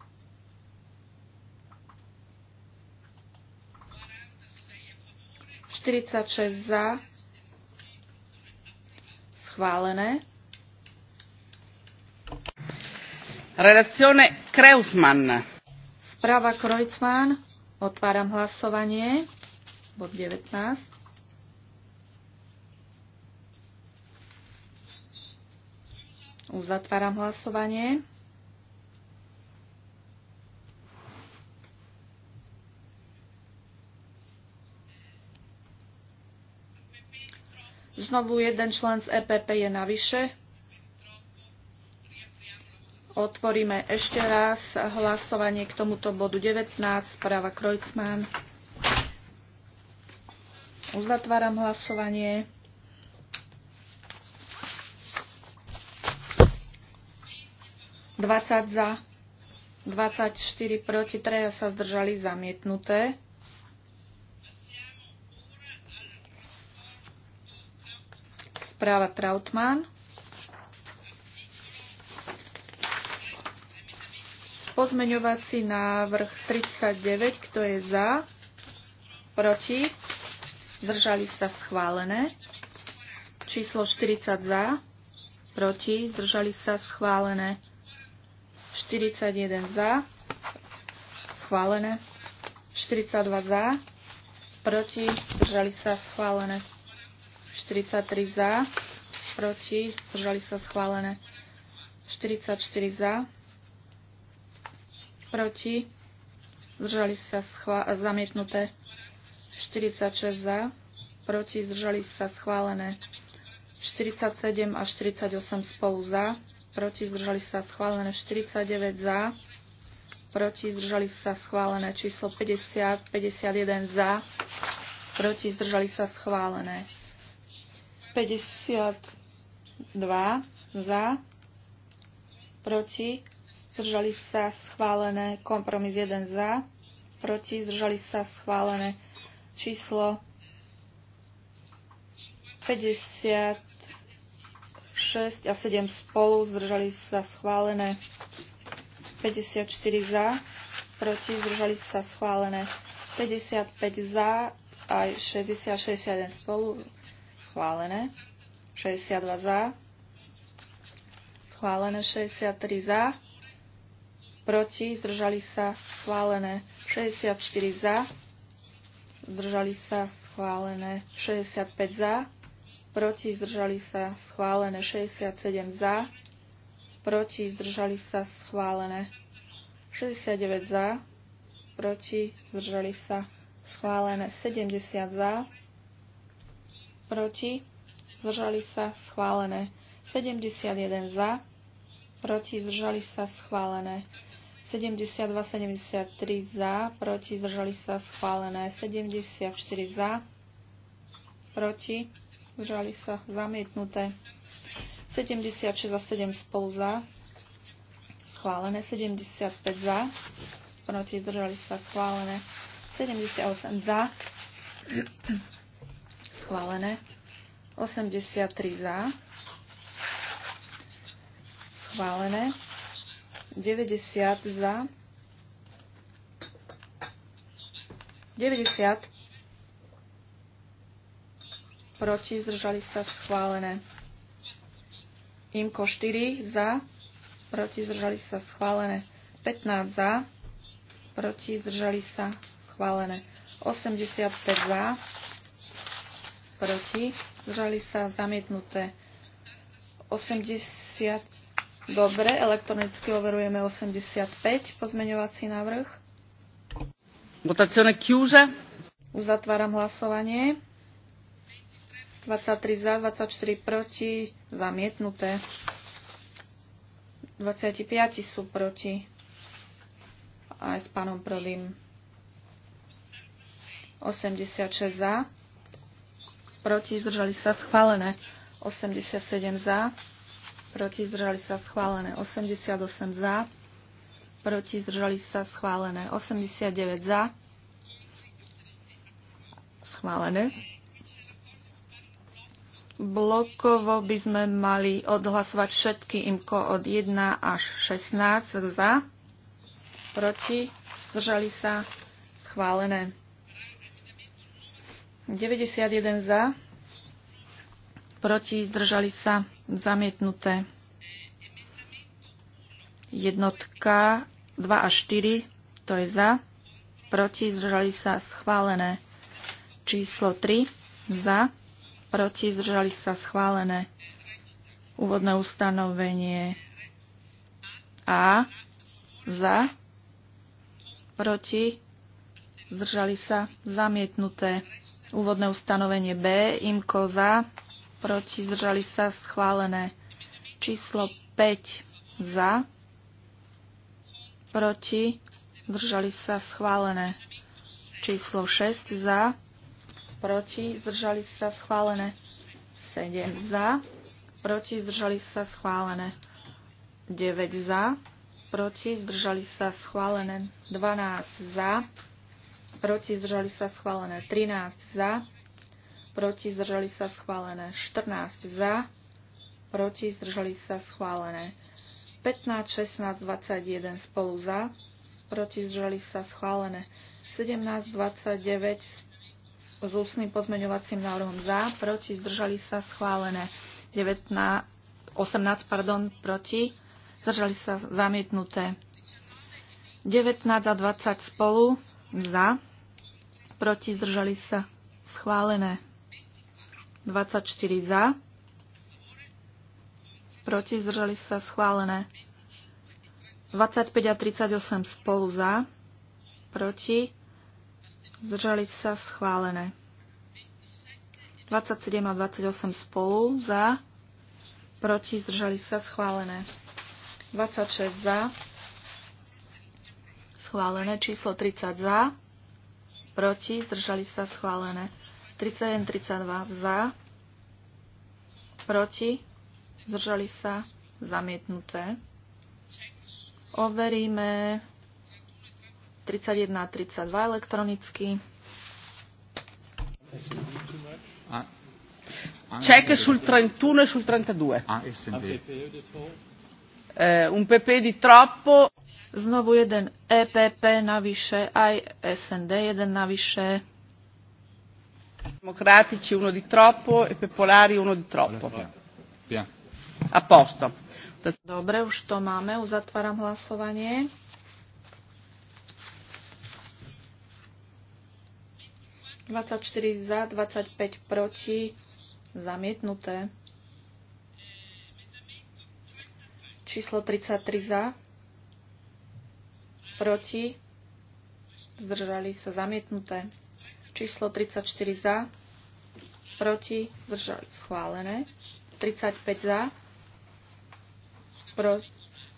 46 za. Schválené. Relazione Kreufmann. Správa Kreuzmann. Otváram hlasovanie. Bod 19. Uzatváram hlasovanie. Znovu jeden člen z EPP je navyše. Otvoríme ešte raz hlasovanie k tomuto bodu 19, správa Krojcman. Uzatváram hlasovanie. Dvadsať za, 24 proti, treja sa zdržali zamietnuté. Správa Trautmann. Pozmeňovací návrh 39, kto je za, proti, zdržali sa schválené. Číslo 40 za, proti, zdržali sa schválené. 41 za, schválené. 42 za, proti, zdržali sa schválené. 43 za, proti, zdržali sa schválené. 44 za, proti, zdržali sa zamietnuté 46 za, proti, zdržali sa schválené 47 a 48 spolu za, proti, zdržali sa schválené 49 za, proti, zdržali sa schválené číslo 50, 51 za, proti, zdržali sa schválené 52 za, proti, zdržali sa schválené, kompromis 1 za, proti, zdržali sa schválené číslo 56 a 7 spolu, zdržali sa schválené 54 za, proti, zdržali sa schválené 55 za, a 60 61 spolu, schválené 62 za, schválené 63 za, proti, zdržali sa schválené 64 za, zdržali sa schválené 65 za, proti zdržali sa schválené 67 za, proti zdržali sa schválené 69 za, proti zdržali sa schválené 70 za, proti zdržali sa schválené 71 za, proti zdržali sa schválené 72, 73 za, proti, zdržali sa schválené 74 za, proti, zdržali sa zamietnuté 76 a 7 spolu za, schválené 75 za, proti, zdržali sa schválené 78 za, schválené 83 za, schválené 90 za. 90 proti, zdržali sa schválené. Imko 4 za, proti, zdržali sa schválené. 15 za, proti, zdržali sa schválené. 85 za, proti, zdržali sa zamietnuté. 85 Dobre, elektronicky overujeme 85, pozmeňovací návrh. Votazione chiusa. Uzatváram hlasovanie. 23 za, 24 proti, zamietnuté. 25 sú proti. Aj s pánom Prvým. 86 za. Proti, zdržali sa schválené. 87 za proti zdržali sa schválené 88 za, proti zdržali sa schválené 89 za, schválené. Blokovo by sme mali odhlasovať všetky imko od 1 až 16 za, proti zdržali sa schválené. 91 za, proti zdržali sa schválené. Zamietnuté. Jednotka 2 a 4, to je za. Proti, zdržali sa schválené. Číslo 3, za. Proti, zdržali sa schválené. Úvodné ustanovenie A, za. Proti, zdržali sa zamietnuté. Úvodné ustanovenie B, imko za proti, zdržali sa schválené. Číslo 5 za, proti, zdržali sa schválené. Číslo 6 za, proti, zdržali sa schválené. 7 za, proti, zdržali sa schválené. 9 za, proti, zdržali sa schválené. 12 za, proti, zdržali sa schválené. 13 za, proti, zdržali sa schválené. 14 za, proti, zdržali sa schválené. 15, 16, 21 spolu za, proti, zdržali sa schválené. 17, 29 s ústnym pozmeňovacím návrhom za, proti, zdržali sa schválené. 19, 18, pardon, proti, zdržali sa zamietnuté. 19 a 20 spolu za, proti, zdržali sa schválené. 24 za, proti zdržali sa schválené. 25 a 38 spolu za, proti zdržali sa schválené. 27 a 28 spolu za, proti zdržali sa schválené. 26 za, schválené, číslo 30 za, proti zdržali sa schválené. 31-32 za, proti, zdržali sa, zamietnuté. Overíme 31-32 elektronicky. Check sul 31 e sul 32. SMB. Eh, un PP di troppo. Znovu jeden EPP navyše, aj SND jeden navyše. Democratici uno di troppo e Popolari uno di troppo. A posto. Dobre, už to máme, uzatváram hlasovanie. 24 za, 25 proti, zamietnuté. Číslo 33 za, proti, zdržali sa zamietnuté. Číslo 34 za, proti, zdržali schválené. 35 za, pro,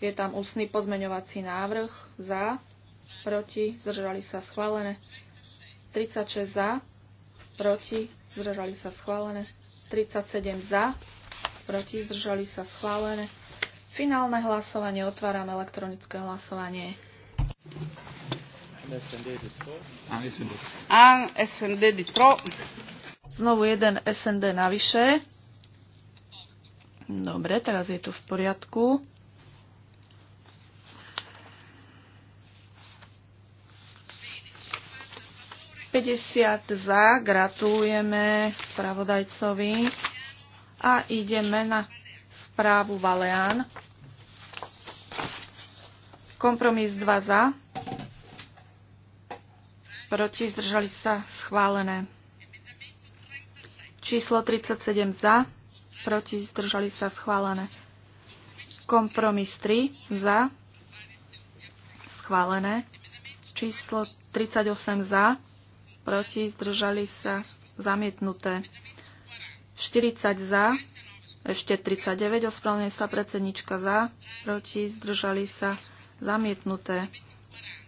je tam ústny pozmeňovací návrh za, proti, zdržali sa schválené. 36 za, proti, zdržali sa schválené. 37 za, proti, zdržali sa schválené. Finálne hlasovanie, otváram elektronické hlasovanie. An SND di tro. Znovu jeden SND navyše. Dobre, teraz je to v poriadku. Päťdesiat za, gratulujeme spravodajcovi a ideme na správu Valean. Kompromis 2 za, proti, zdržali sa, schválené. Číslo 37 za, proti, zdržali sa, schválené. Kompromis 3 za, schválené. Číslo 38 za, proti, zdržali sa, zamietnuté. 40 za, ešte 39, ospravedlňuje sa predsednička za, proti, zdržali sa, zamietnuté.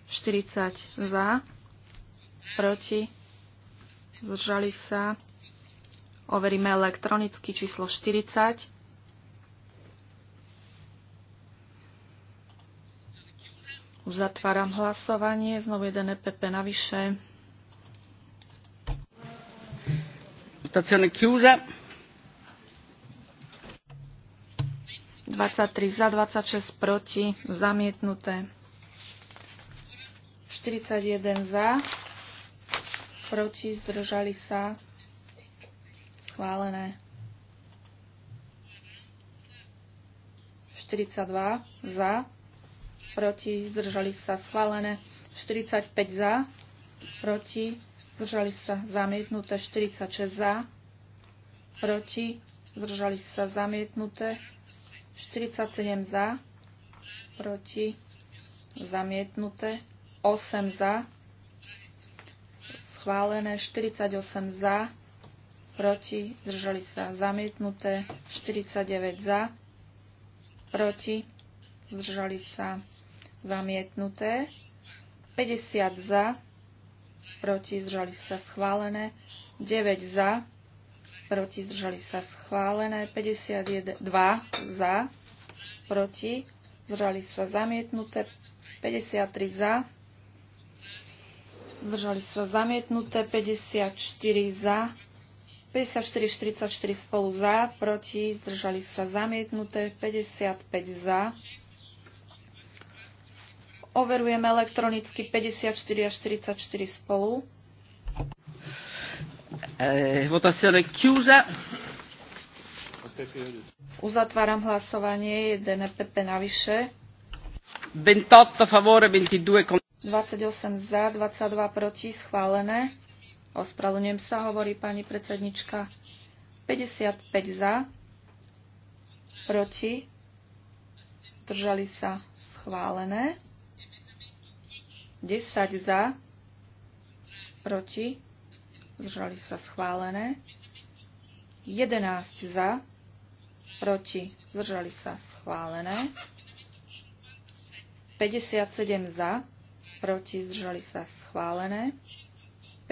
40 za, proti, zdržali sa. Overíme elektronicky číslo 40. Uzatváram hlasovanie. Znovu jeden EPP navyše. Votazione chiusa. 23 za, 26 proti, zamietnuté. 41 za, proti, zdržali sa, schválené. 42 za, proti, zdržali sa, schválené. 45 za, proti, zdržali sa, zamietnuté. 46 za, proti, zdržali sa, zamietnuté. 47 za, proti, zamietnuté. 8 za, schválené, 48 za, proti, zdržali sa zamietnuté, 49 za, proti, zdržali sa zamietnuté, 50 za, proti, zdržali sa schválené, 9 za, proti, zdržali sa schválené, 52 za, proti, zdržali sa zamietnuté, 53 za, zdržali sa zamietnuté, 54 za, 54, 44 spolu za, proti, zdržali sa zamietnuté, 55 za. Overujeme elektronicky 54 a 44 spolu. Eh, votazione chiusa. Uzatváram hlasovanie, 1 e PP navyše. 28 favore, 22 con... 28 za, 22 proti, schválené. Ospravedlňujem sa, hovorí pani predsednička. 55 za, proti, držali sa, schválené. 10 za, proti, držali sa, schválené. 11 za, proti, zdržali sa, schválené. 57 za, proti, zdržali sa schválené.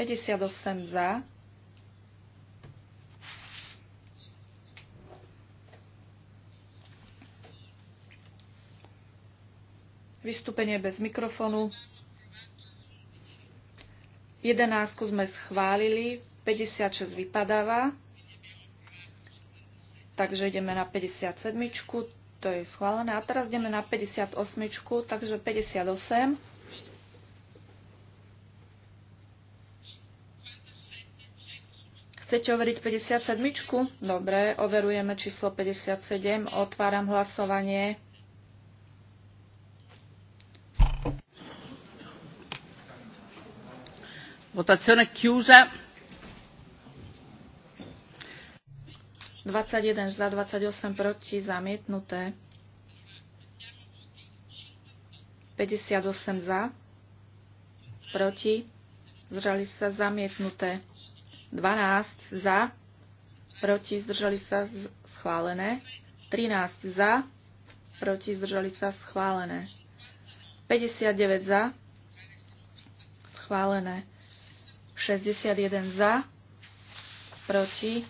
58 za, Vystúpenie bez mikrofonu. 11 sme schválili, 56 vypadáva. Takže ideme na 57, to je schválené. A teraz ideme na 58, takže 58 Chcete overiť 57? Dobre, overujeme číslo 57. Otváram hlasovanie. Votazione chiusa. 21 za, 28 proti, zamietnuté. 58 za, proti, zdržali sa zamietnuté. 12 za, proti zdržali sa schválené. 13 za, proti zdržali sa schválené. 59 za, schválené. 61 za, proti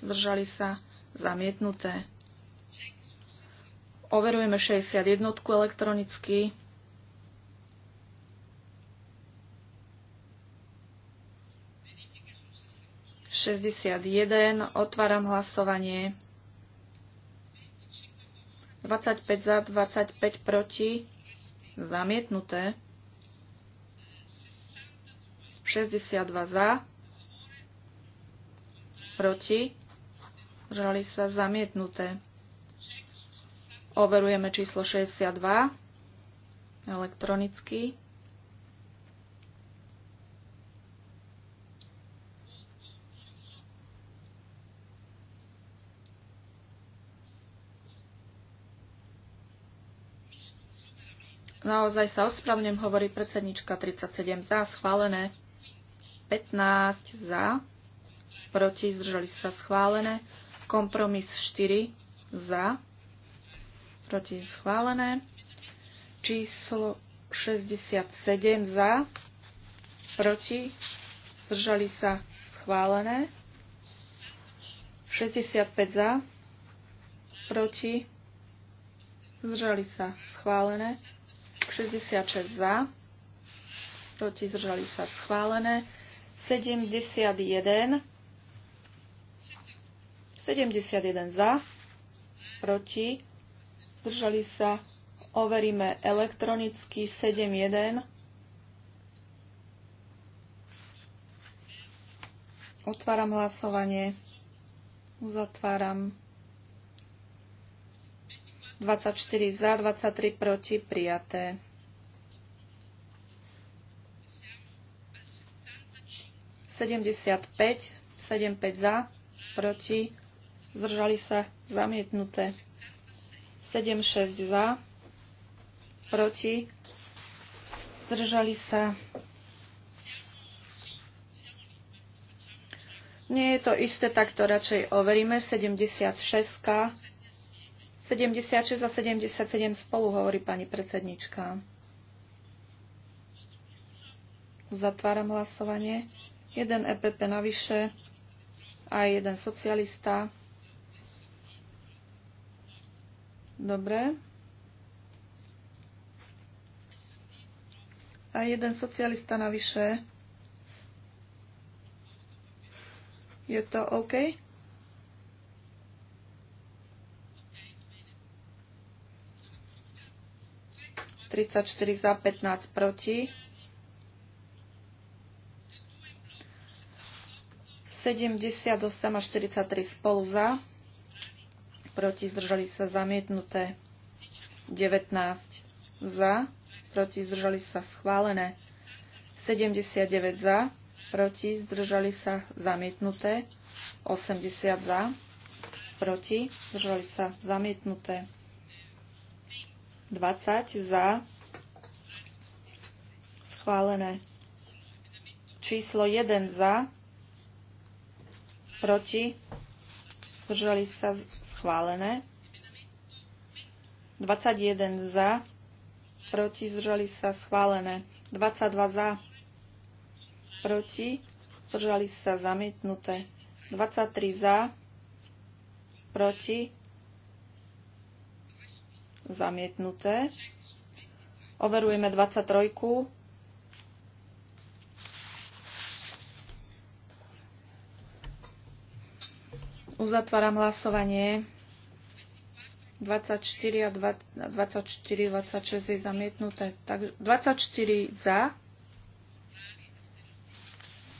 zdržali sa zamietnuté. Overujeme 61 elektronicky. 61. Otváram hlasovanie. 25 za, 25 proti. Zamietnuté. 62 za. Proti. Žali sa zamietnuté. Overujeme číslo 62 elektronicky. Naozaj sa ospravňujem, hovorí predsednička 37 za, schválené. 15 za, proti, zdržali sa schválené. Kompromis 4 za, proti, schválené. Číslo 67 za, proti, zdržali sa schválené. 65 za, proti, zdržali sa schválené. 66 za, proti zdržali sa schválené, 71, 71 za, proti, zdržali sa, overíme elektronicky 71. Otváram hlasovanie, uzatváram 24 za, 23 proti, prijaté. 75, 75 za, proti, zdržali sa, zamietnuté. 76 za, proti, zdržali sa. Nie je to isté, tak to radšej overíme. 76, 76 a 77 spolu, hovorí pani predsednička. Zatváram hlasovanie. Jeden EPP navyše a jeden socialista. Dobre. A jeden socialista navyše. Je to OK? Tridsaťštyri za, 15 proti. 78 a 43 spolu za, proti zdržali sa zamietnuté 19 za, proti zdržali sa schválené 79 za, proti zdržali sa zamietnuté 80 za, proti zdržali sa zamietnuté 20 za, schválené číslo 1 za, proti, zdržali sa schválené. 21 za, proti, zdržali sa schválené. 22 za, proti, zdržali sa zamietnuté. 23 za, proti, zamietnuté. Overujeme 23. Uzatváram hlasovanie. 24 a 20, 24, 26 je zamietnuté. Tak 24 za.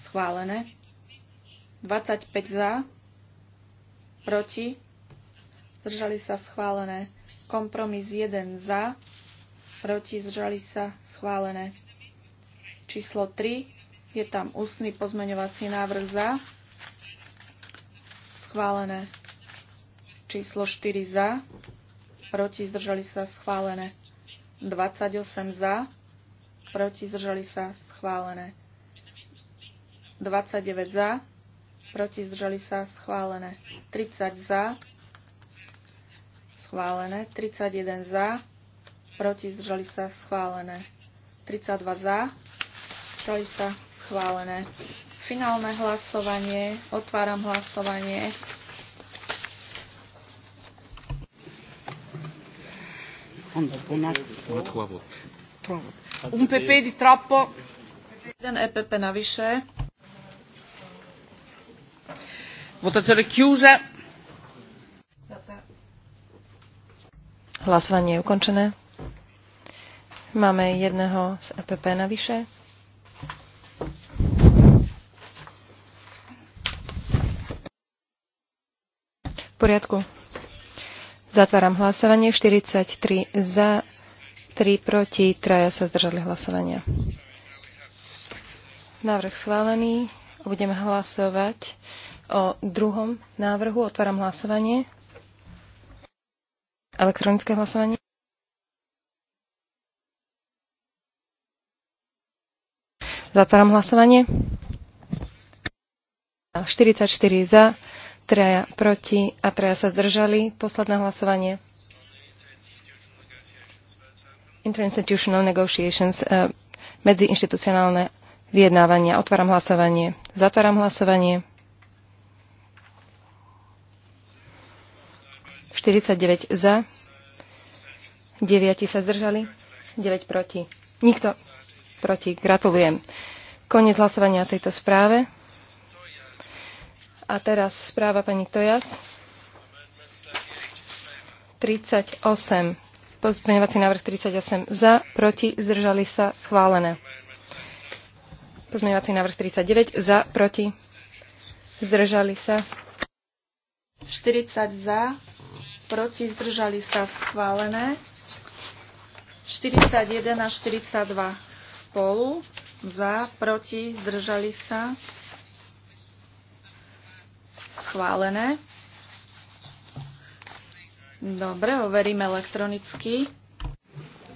Schválené. 25 za. Proti. Zdržali sa schválené. Kompromis 1 za. Proti. Zdržali sa schválené. Číslo 3. Je tam ústny pozmeňovací návrh za schválené. Číslo 4 za, proti zdržali sa schválené. 28 za, proti zdržali sa schválené. 29 za, proti zdržali sa schválené. 30 za, schválené. 31 za, proti zdržali sa schválené. 32 za, zdržali sa schválené. Finálne hlasovanie. Otváram hlasovanie. Un PP di troppo. Jeden EPP navyše. Votazione chiusa. Hlasovanie je ukončené. Máme jedného z EPP navyše. V poriadku. Zatváram hlasovanie. 43 za, 3 proti, 3 sa zdržali hlasovania. Návrh schválený. Budeme hlasovať o druhom návrhu. Otváram hlasovanie. Elektronické hlasovanie. Zatváram hlasovanie. 44 za, traja proti a traja sa zdržali. Posledné hlasovanie. Interinstitutional negotiations, eh, medziinstitucionálne vyjednávania. Otváram hlasovanie. Zatváram hlasovanie. 49 za, 9 sa zdržali, 9 proti. Nikto proti. Gratulujem. Koniec hlasovania o tejto správe. A teraz správa pani Tojas. 38. Pozmeňovací návrh 38 za, proti, zdržali sa, schválené. Pozmeňovací návrh 39 za, proti, zdržali sa. 40 za, proti, zdržali sa, schválené. 41 a 42 spolu, za, proti, zdržali sa, schválené. Dobre, overíme elektronicky.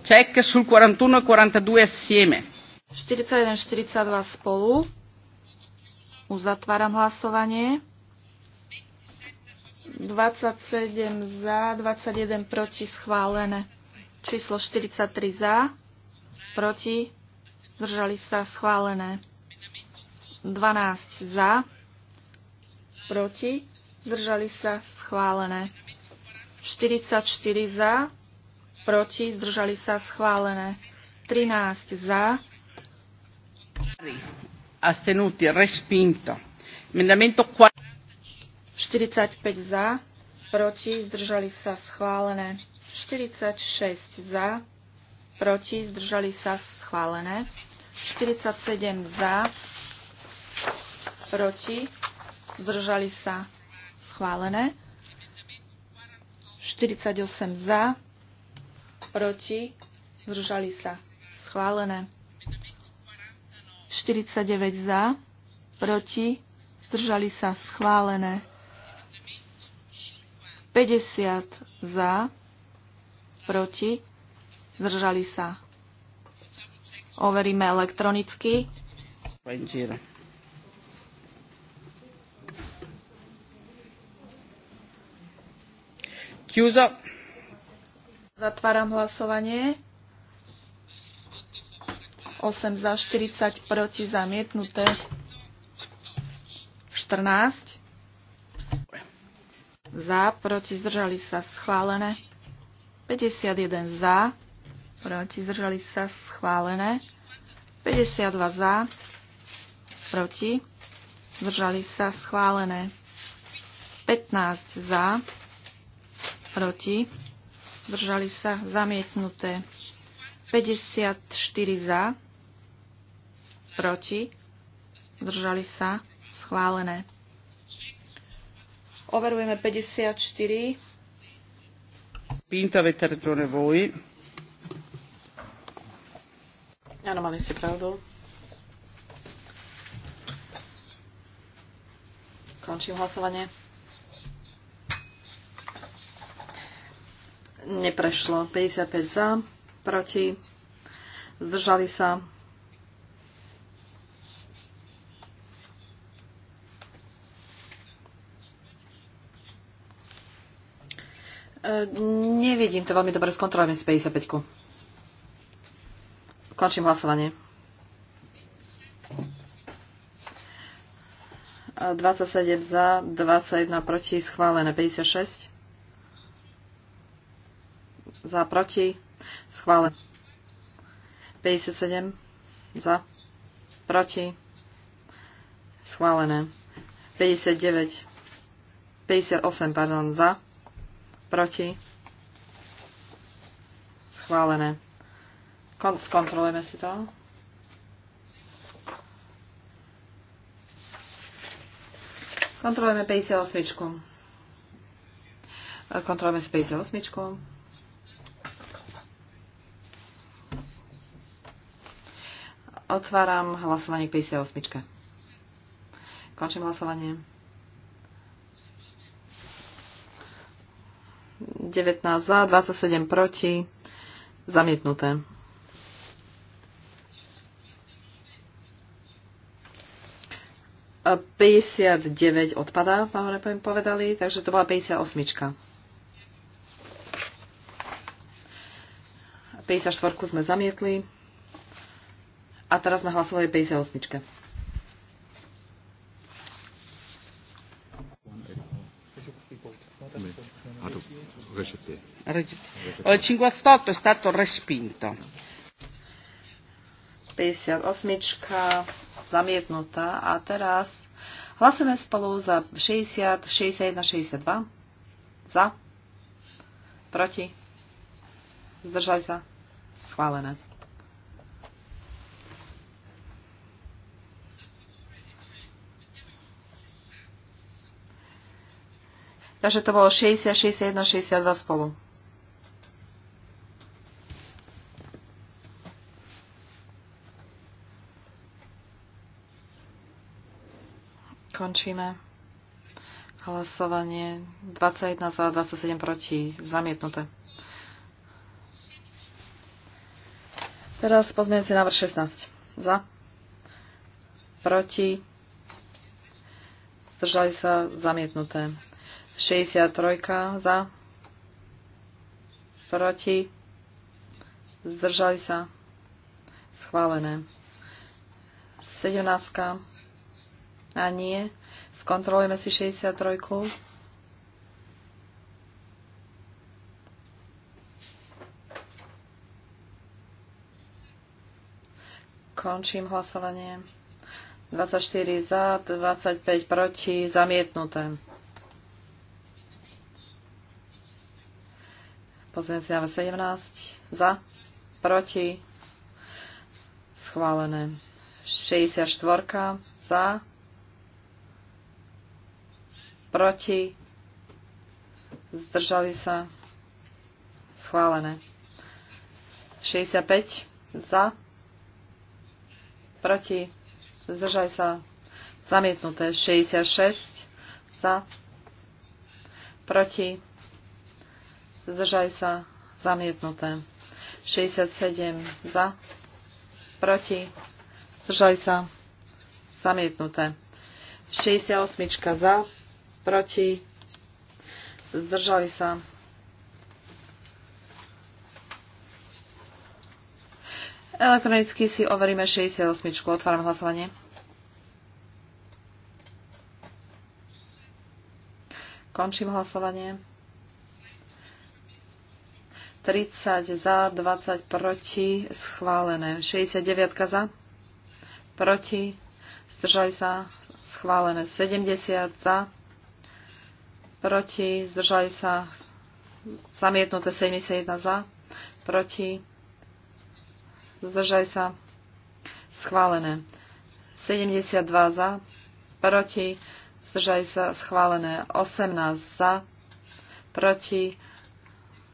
Check sul 41 42 assieme. 41 42 spolu. Uzatváram hlasovanie. 27 za, 21 proti schválené. Číslo 43 za, proti, zdržali sa schválené. 12 za, proti, zdržali sa schválené. 44 za, proti, zdržali sa schválené. 13 za. Astenuti, respinto. 45 za, proti, zdržali sa schválené. 46 za, proti, zdržali sa schválené. 47 za, proti, zdržali sa schválené. 48 za, proti, zdržali sa schválené. 49 za, proti, zdržali sa schválené. 50 za, proti, zdržali sa. Overíme elektronicky. Pani Zatváram hlasovanie. 8 za 40 proti zamietnuté. 14. Za, proti, zdržali sa schválené. 51 za, proti, zdržali sa schválené. 52 za, proti, zdržali sa schválené. 15 za, proti, zdržali sa, zamietnuté. 54 za, proti, zdržali sa, schválené. Overujeme 54. Pinta vetertone voi. Áno, mali ste pravdu. Končím hlasovanie. Neprešlo. 55 za, proti, zdržali sa. E, nevidím to veľmi dobre, skontrolujeme si 55. Končím hlasovanie. 27 e, za, 21 proti, schválené 56 za, proti, schválen. 57 za, proti, schválené. 59, 58, pardon, za, proti, schválené. Kon- skontrolujeme si to. Kontrolujeme 58. Kontrolujeme si 58. Otváram hlasovanie k 58. Končím hlasovanie. 19 za, 27 proti. Zamietnuté. A 59 odpadá, vám nepoviem, povedali, takže to bola 58. 54 sme zamietli. A teraz sme hlasovali 58. Il 58 è stato respinto. 58 zamietnutá a teraz hlasujeme spolu za 60, 61, 62. Za? Proti? Zdržali sa? Schválené. Takže to bolo 60, 61, 62 spolu. Končíme. Hlasovanie 21 za 27 proti. Zamietnuté. Teraz si návrh 16. Za. Proti. Zdržali sa zamietnuté. 63 za, proti, zdržali sa, schválené. 17 a nie, skontrolujeme si 63. Končím hlasovanie. 24 za, 25 proti, zamietnuté. Pozmeňujúci návrh 17 za, proti, schválené. 64 za, proti, zdržali sa, schválené. 65 za, proti, zdržali sa, zamietnuté. 66 za, proti, zdržali sa zamietnuté. 67 za, proti, zdržali sa zamietnuté. 68 za, proti, zdržali sa Elektronicky si overíme 68. Otváram hlasovanie. Končím hlasovanie. 30 za, 20 proti, schválené. 69 za, proti, zdržali sa, schválené. 70 za, proti, zdržali sa, zamietnuté 71 za, proti, zdržali sa, schválené. 72 za, proti, zdržali sa, schválené. 18 za, proti,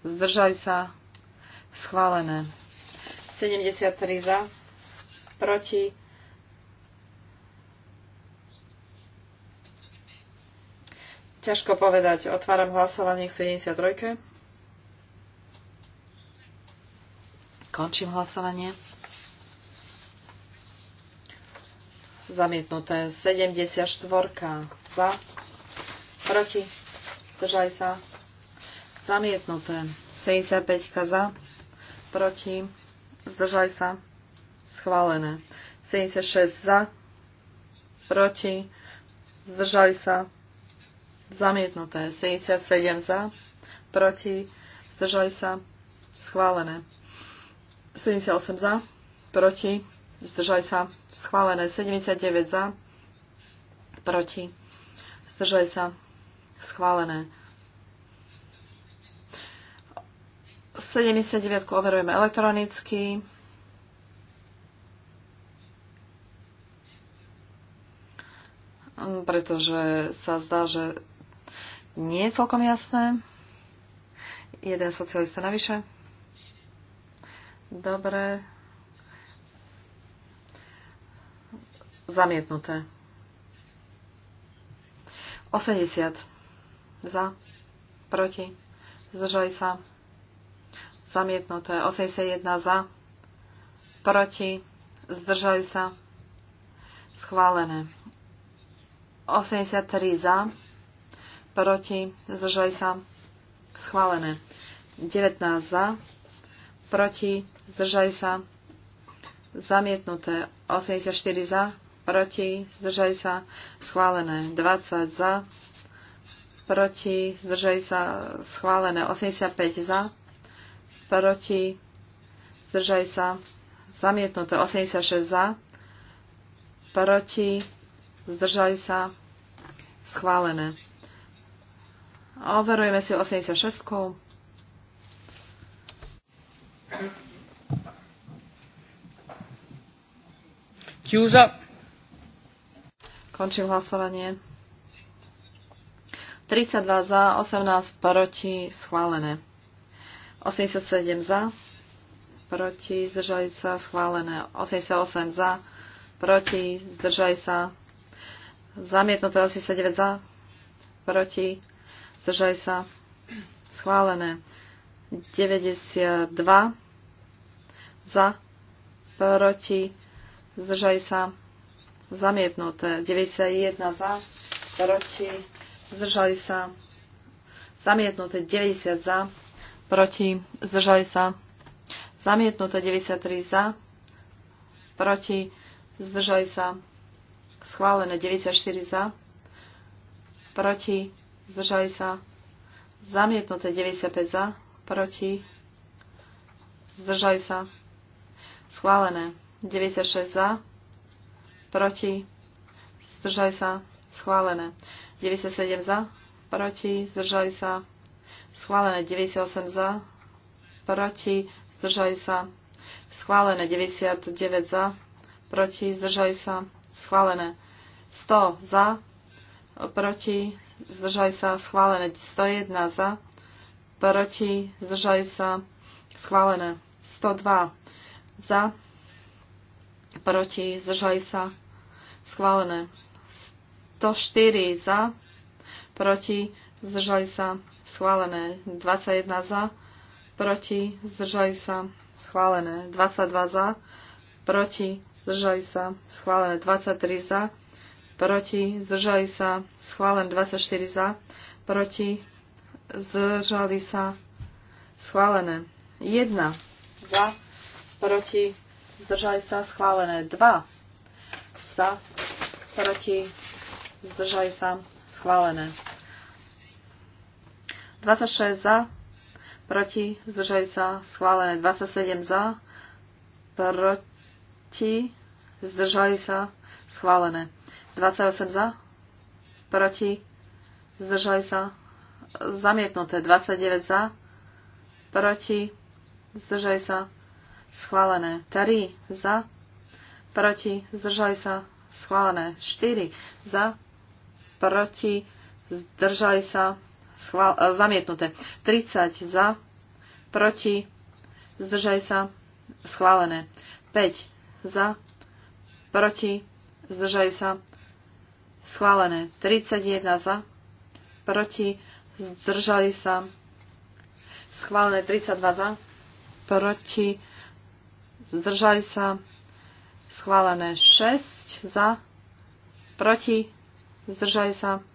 zdržali sa, schválené. 73 za, proti, ťažko povedať, otváram hlasovanie k 73. Končím hlasovanie. Zamietnuté 74 za, proti, zdržali sa, Zamietnuté. 75 za. Proti. zdržaj sa. Schválené. 76 za. Proti. Zdržali sa. Zamietnuté. 77 za. Proti. Zdržali sa. Schválené. 78 za. Proti. Zdržali sa. Schválené. 79 za. Proti. Zdržali sa. Schválené. 79 overujeme elektronicky. Pretože sa zdá, že nie je celkom jasné. Jeden socialista navyše. Dobre. Zamietnuté. 80. Za. Proti. Zdržali sa zamietnuté 81 za, proti, zdržali sa, schválené 83 za, proti, zdržali sa, schválené 19 za, proti, zdržali sa, zamietnuté 84 za, proti, zdržali sa, schválené 20 za, proti, zdržali sa, schválené 85 za, proti, zdržali sa, zamietnuté 86 za, proti, zdržali sa, schválené. Overujeme si 86. -ku. Končím hlasovanie. 32 za, 18 proti, schválené. 87 za, proti, zdržali sa, schválené. 88 za, proti, zdržali sa, zamietnuté. 89 za, proti, zdržali sa, schválené. 92 za, proti, zdržali sa, zamietnuté. 91 za, proti, zdržali sa, zamietnuté. 90 za, proti, zdržali sa, zamietnuté 93 za, proti, zdržali sa, schválené 94 za, proti, zdržali sa, zamietnuté 95 za, proti, zdržali sa, schválené 96 za, proti, zdržali sa, schválené 97 za, proti, zdržali sa, Schválené 98 za. Proti. Zdržali sa. Schválené 99 za. Proti. Zdržali sa. Schválené 100 za. Proti. Zdržali sa. Schválené 101 za. Proti. Zdržali sa. Schválené 102 za. Proti. Zdržali sa. Schválené 104 za. Proti. Zdržali sa schválené 21 za, proti, zdržali sa, schválené 22 za, proti, zdržali sa, schválené 23 za, proti, zdržali sa, schválené 24 za, proti, zdržali sa, schválené 1 za, proti, zdržali sa, schválené 2 za, proti, zdržali sa, schválené. 26 za, proti, zdržali sa, schválené. 27 za, proti, zdržali sa, schválené. 28 za, proti, zdržali sa, zamietnuté. 29 za, proti, zdržali sa, schválené. 3 za, proti, zdržali sa, schválené. 4 za, proti, zdržali sa, schvál, e, zamietnuté. 30 za, proti, zdržaj sa, schválené. 5 za, proti, zdržaj sa, schválené. 31 za, proti, zdržali sa, schválené. 32 za, proti, zdržali sa, schválené. 6 za, proti, zdržali sa, schválené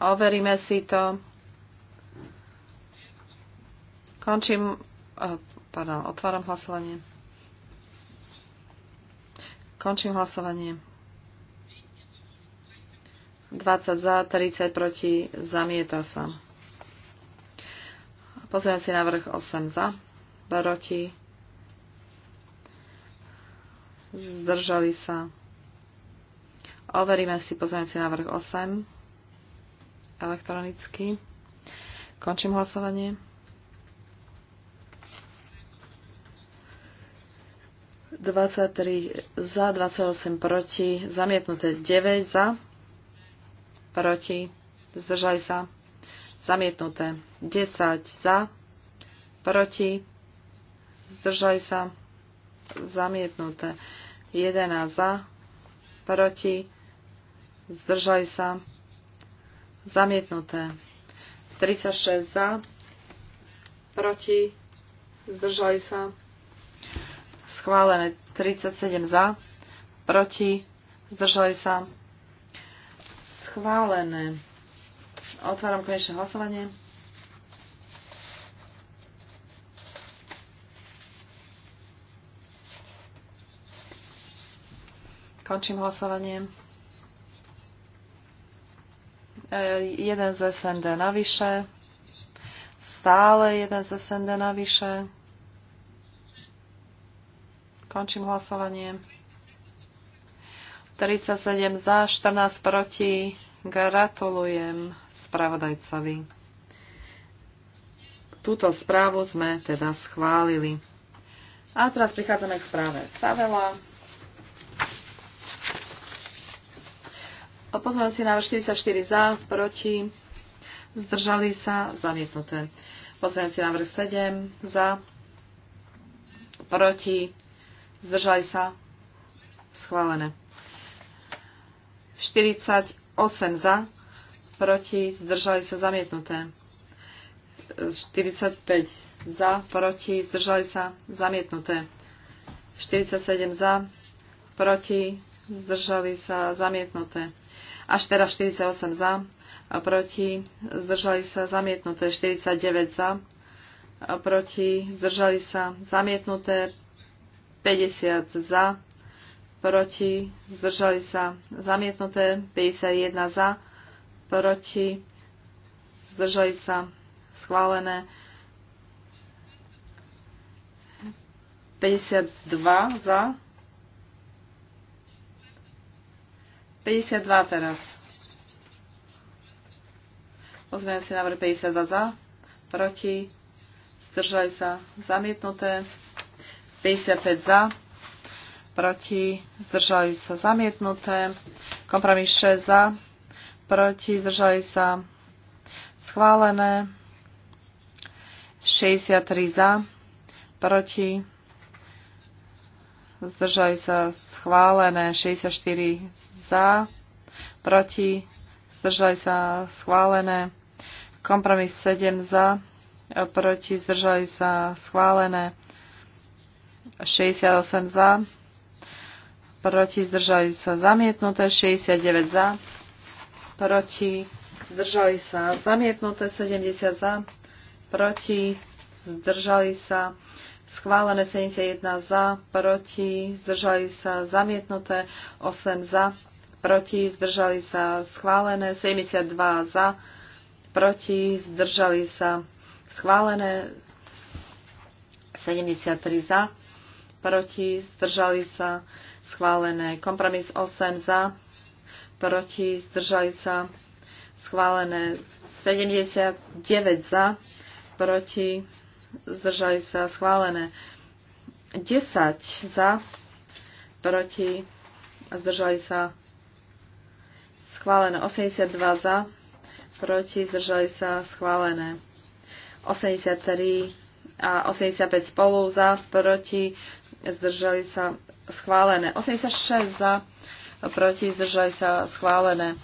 Overíme si to. Končím, eh, pardon, otváram hlasovanie. Končím hlasovanie. 20 za, 30 proti, zamieta sa. Pozrieme si návrh 8 za, proti, zdržali sa. Overíme si pozrieme si návrh 8 elektronicky. Končím hlasovanie. 23 za, 28 proti, zamietnuté 9 za, proti, zdržali sa, zamietnuté 10 za, proti, zdržali sa, zamietnuté 11 za, proti, zdržali sa, Zamietnuté. 36 za. Proti. Zdržali sa. Schválené. 37 za. Proti. Zdržali sa. Schválené. Otváram konečné hlasovanie. Končím hlasovanie. Eh, jeden z SND navyše, stále jeden z SND navyše. Končím hlasovanie. 37 za, 14 proti. Gratulujem spravodajcovi. Túto správu sme teda schválili. A teraz prichádzame k správe Cavela. Pozmeňujúci návrh 44 za, proti, zdržali sa, zamietnuté. Pozmeňujúci návrh 7 za, proti, zdržali sa, schválené. 48 za, proti, zdržali sa, zamietnuté. 45 za, proti, zdržali sa, zamietnuté. 47 za, proti, zdržali sa, zamietnuté. Až teraz 48 za, proti, zdržali sa zamietnuté 49 za, proti, zdržali sa zamietnuté 50 za, proti, zdržali sa zamietnuté 51 za, proti, zdržali sa schválené 52 za, 52 teraz. Pozmeňujem si návrh 52 za, proti, zdržali sa, zamietnuté. 55 za, proti, zdržali sa, zamietnuté. Kompromis 6 za, proti, zdržali sa, schválené. 63 za, proti, zdržali sa schválené 64 za, proti, zdržali sa schválené. Kompromis 7 za, proti, zdržali sa schválené. 68 za, proti, zdržali sa zamietnuté. 69 za, proti, zdržali sa zamietnuté. 70 za, proti, zdržali sa schválené 71 za, proti, zdržali sa zamietnuté, 8 za, proti, zdržali sa schválené, 72 za, proti, zdržali sa schválené, 73 za, proti, zdržali sa schválené, kompromis 8 za, proti, zdržali sa schválené, 79 za, proti, zdržali sa schválené, 10 za, proti, zdržali sa schválené, schválené. 82 za, proti, zdržali sa, schválené. 83 a 85 spolu za, proti, zdržali sa, schválené. 86 za, proti, zdržali sa, schválené.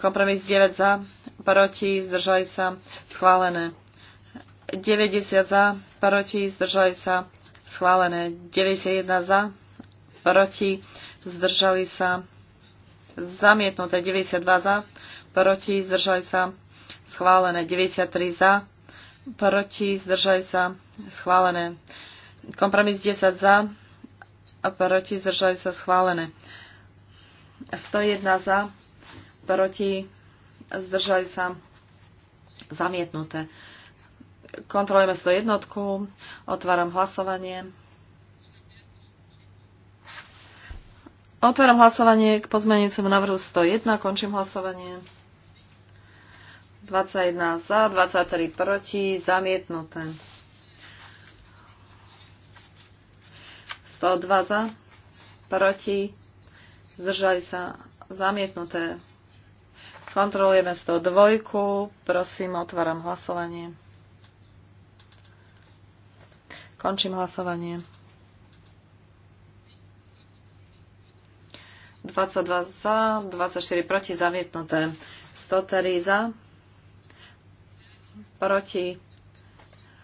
Kompromis 9 za, proti, zdržali sa, schválené. 90 za, proti, zdržali sa, schválené. 91 za, proti, zdržali sa, zamietnuté 92 za, proti zdržali sa schválené 93 za, proti zdržali sa schválené. Kompromis 10 za proti zdržali sa schválené. 101 za, proti zdržali sa zamietnuté. Kontrolujeme 101. Otváram hlasovanie. Otváram hlasovanie k pozmeňujúcemu návrhu 101, končím hlasovanie. 21 za, 23 proti, zamietnuté. 102 za, proti, zdržali sa, zamietnuté. Kontrolujeme 102, prosím, otváram hlasovanie. Končím hlasovanie. 22 za, 24 proti, zamietnuté. 103 za, proti,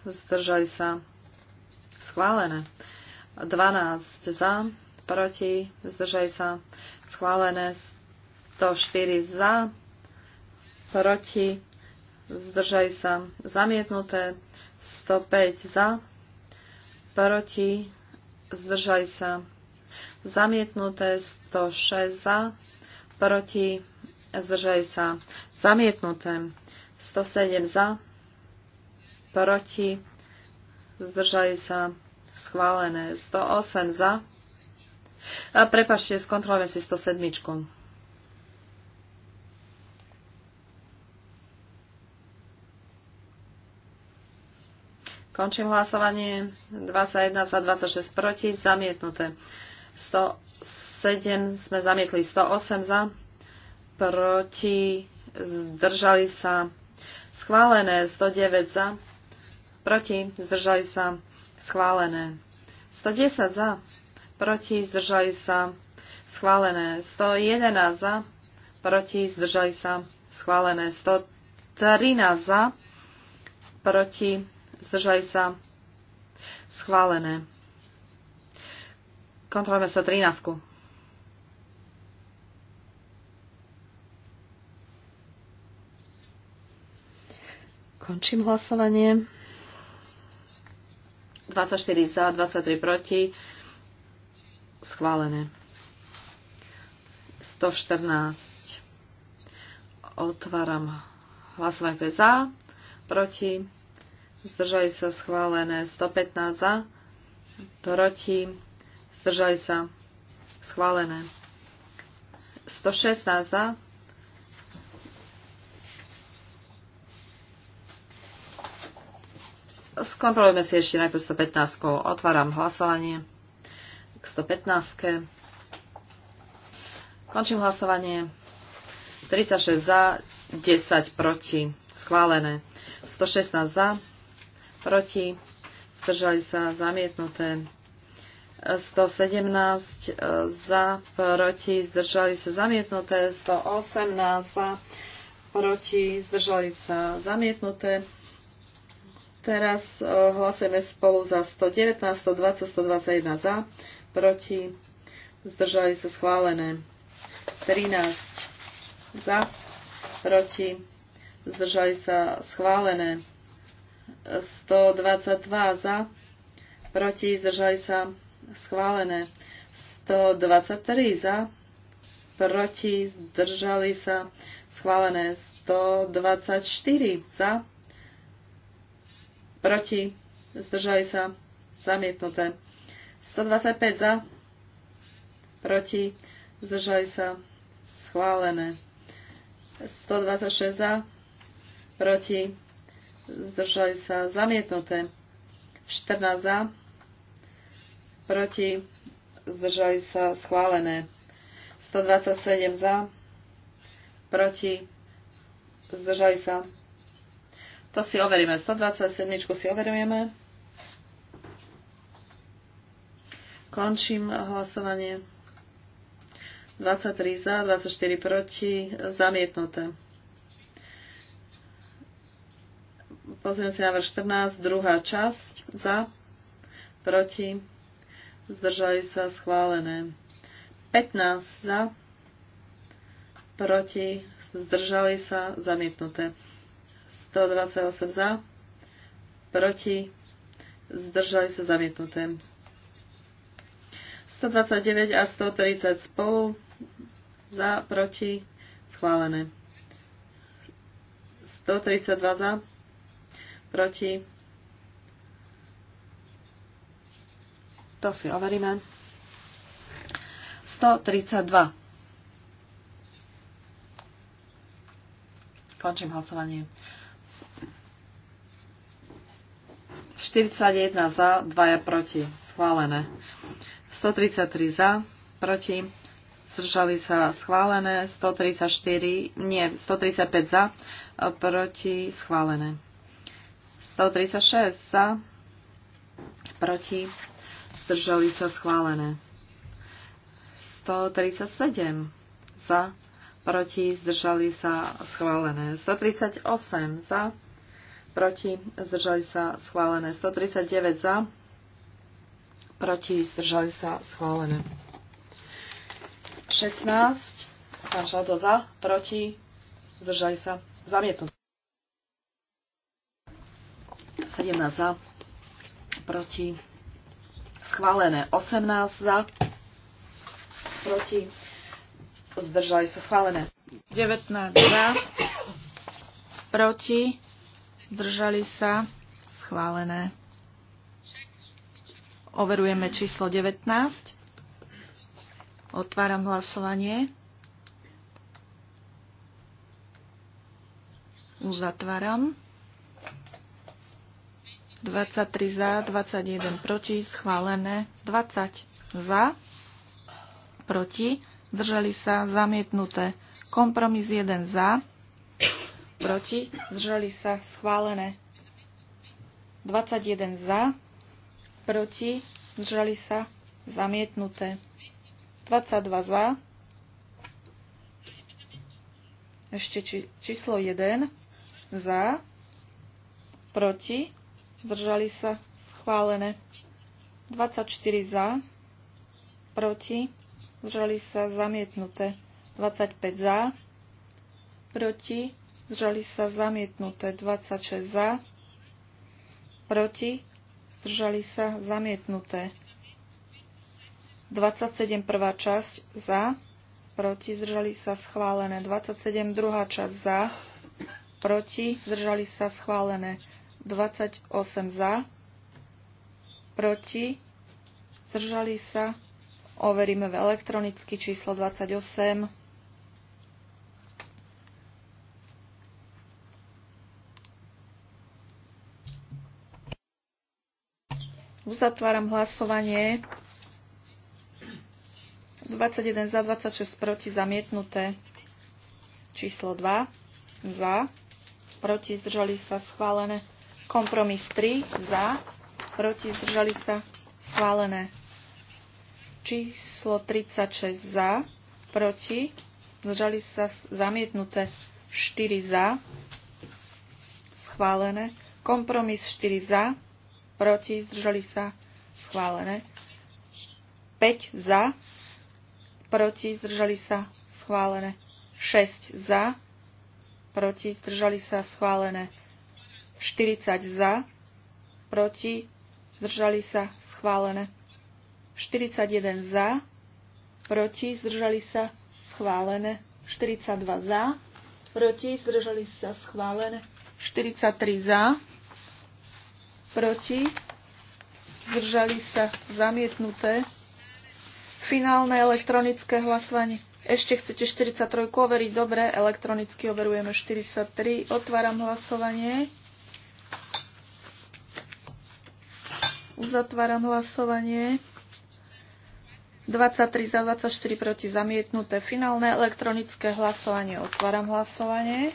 zdržali sa, schválené. 12 za, proti, zdržali sa, schválené. 104 za, proti, zdržali sa, zamietnuté. 105 za, proti, zdržali sa, Zamietnuté 106 za, proti, zdržali sa. Zamietnuté 107 za, proti, zdržali sa. Schválené 108 za. A prepašte, skontrolujeme si 107. Končím hlasovanie. 21 za 26 proti. Zamietnuté. 107 sme zamietli, 108 za, proti, zdržali sa, schválené, 109 za, proti, zdržali sa, schválené, 110 za, proti, zdržali sa, schválené, 111 za, proti, zdržali sa, schválené, 113 za, proti, zdržali sa, schválené. Kontrolujeme sa 13. Končím hlasovanie. 24 za, 23 proti. Schválené. 114. Otváram hlasovanie, kto je za, proti. Zdržali sa schválené 115 za, proti zdržali sa, schválené. 116 za, skontrolujme si ešte najprv 115. Otváram hlasovanie k 115. Končím hlasovanie. 36 za, 10 proti. Schválené. 116 za, proti. Zdržali sa zamietnuté. 117 e, za, proti, zdržali sa zamietnuté, 118 za, proti, zdržali sa zamietnuté. Teraz e, hlasujeme spolu za 119, 120, 121 za, proti, zdržali sa schválené. 13 za, proti, zdržali sa schválené. 122 za, proti, zdržali sa schválené schválené. 123 za, proti, zdržali sa, schválené. 124 za, proti, zdržali sa, zamietnuté. 125 za, proti, zdržali sa, schválené. 126 za, proti, zdržali sa, zamietnuté. 14 za, proti, zdržali sa schválené. 127 za, proti, zdržali sa. To si overíme. 127 si overujeme. Končím hlasovanie. 23 za, 24 proti, zamietnuté. Pozrieme si návrh 14, druhá časť, za, proti, zdržali sa schválené. 15 za, proti, zdržali sa zamietnuté. 128 za, proti, zdržali sa zamietnuté. 129 a 130 spolu, za, proti, schválené. 132 za, proti, To si overíme. 132. Končím hlasovanie. 41 za, 2 proti. Schválené. 133 za, proti. Zdržali sa schválené. 134, nie, 135 za, proti. Schválené. 136 za, proti zdržali sa schválené. 137 za, proti, zdržali sa schválené. 138 za, proti, zdržali sa schválené. 139 za, proti, zdržali sa schválené. 16, pán Šaldo za, proti, zdržali sa zamietnuté. 17 za, proti, schválené 18 za, proti, zdržali sa schválené 19 za, proti, zdržali sa schválené. Overujeme číslo 19. Otváram hlasovanie. Uzatváram. 23 za, 21 proti, schválené. 20 za, proti, zdržali sa, zamietnuté. Kompromis 1 za, proti, zdržali sa, schválené. 21 za, proti, zdržali sa, zamietnuté. 22 za, ešte či, číslo 1, za, proti, zdržali sa, schválené. 24 za, proti, zdržali sa, zamietnuté. 25 za, proti, zdržali sa, zamietnuté. 26 za, proti, zdržali sa, zamietnuté. 27 prvá časť za, proti, zdržali sa, schválené. 27 druhá časť za, proti, zdržali sa, schválené. 28 za, proti, zdržali sa, overíme v elektronicky číslo 28. Uzatváram hlasovanie. 21 za, 26 proti, zamietnuté. Číslo 2 za, proti, zdržali sa, schválené. Kompromis 3 za, proti zdržali sa schválené. Číslo 36 za, proti zdržali sa zamietnuté 4 za, schválené. Kompromis 4 za, proti zdržali sa schválené. 5 za, proti zdržali sa schválené. 6 za, proti zdržali sa schválené. 40 za, proti, zdržali sa, schválené. 41 za, proti, zdržali sa, schválené. 42 za, proti, zdržali sa, schválené. 43 za, proti, zdržali sa, zamietnuté. Finálne elektronické hlasovanie. Ešte chcete 43 overiť? Dobre, elektronicky overujeme 43. Otváram hlasovanie. Zatváram hlasovanie. 23 za 24 proti zamietnuté. Finálne elektronické hlasovanie. Otváram hlasovanie.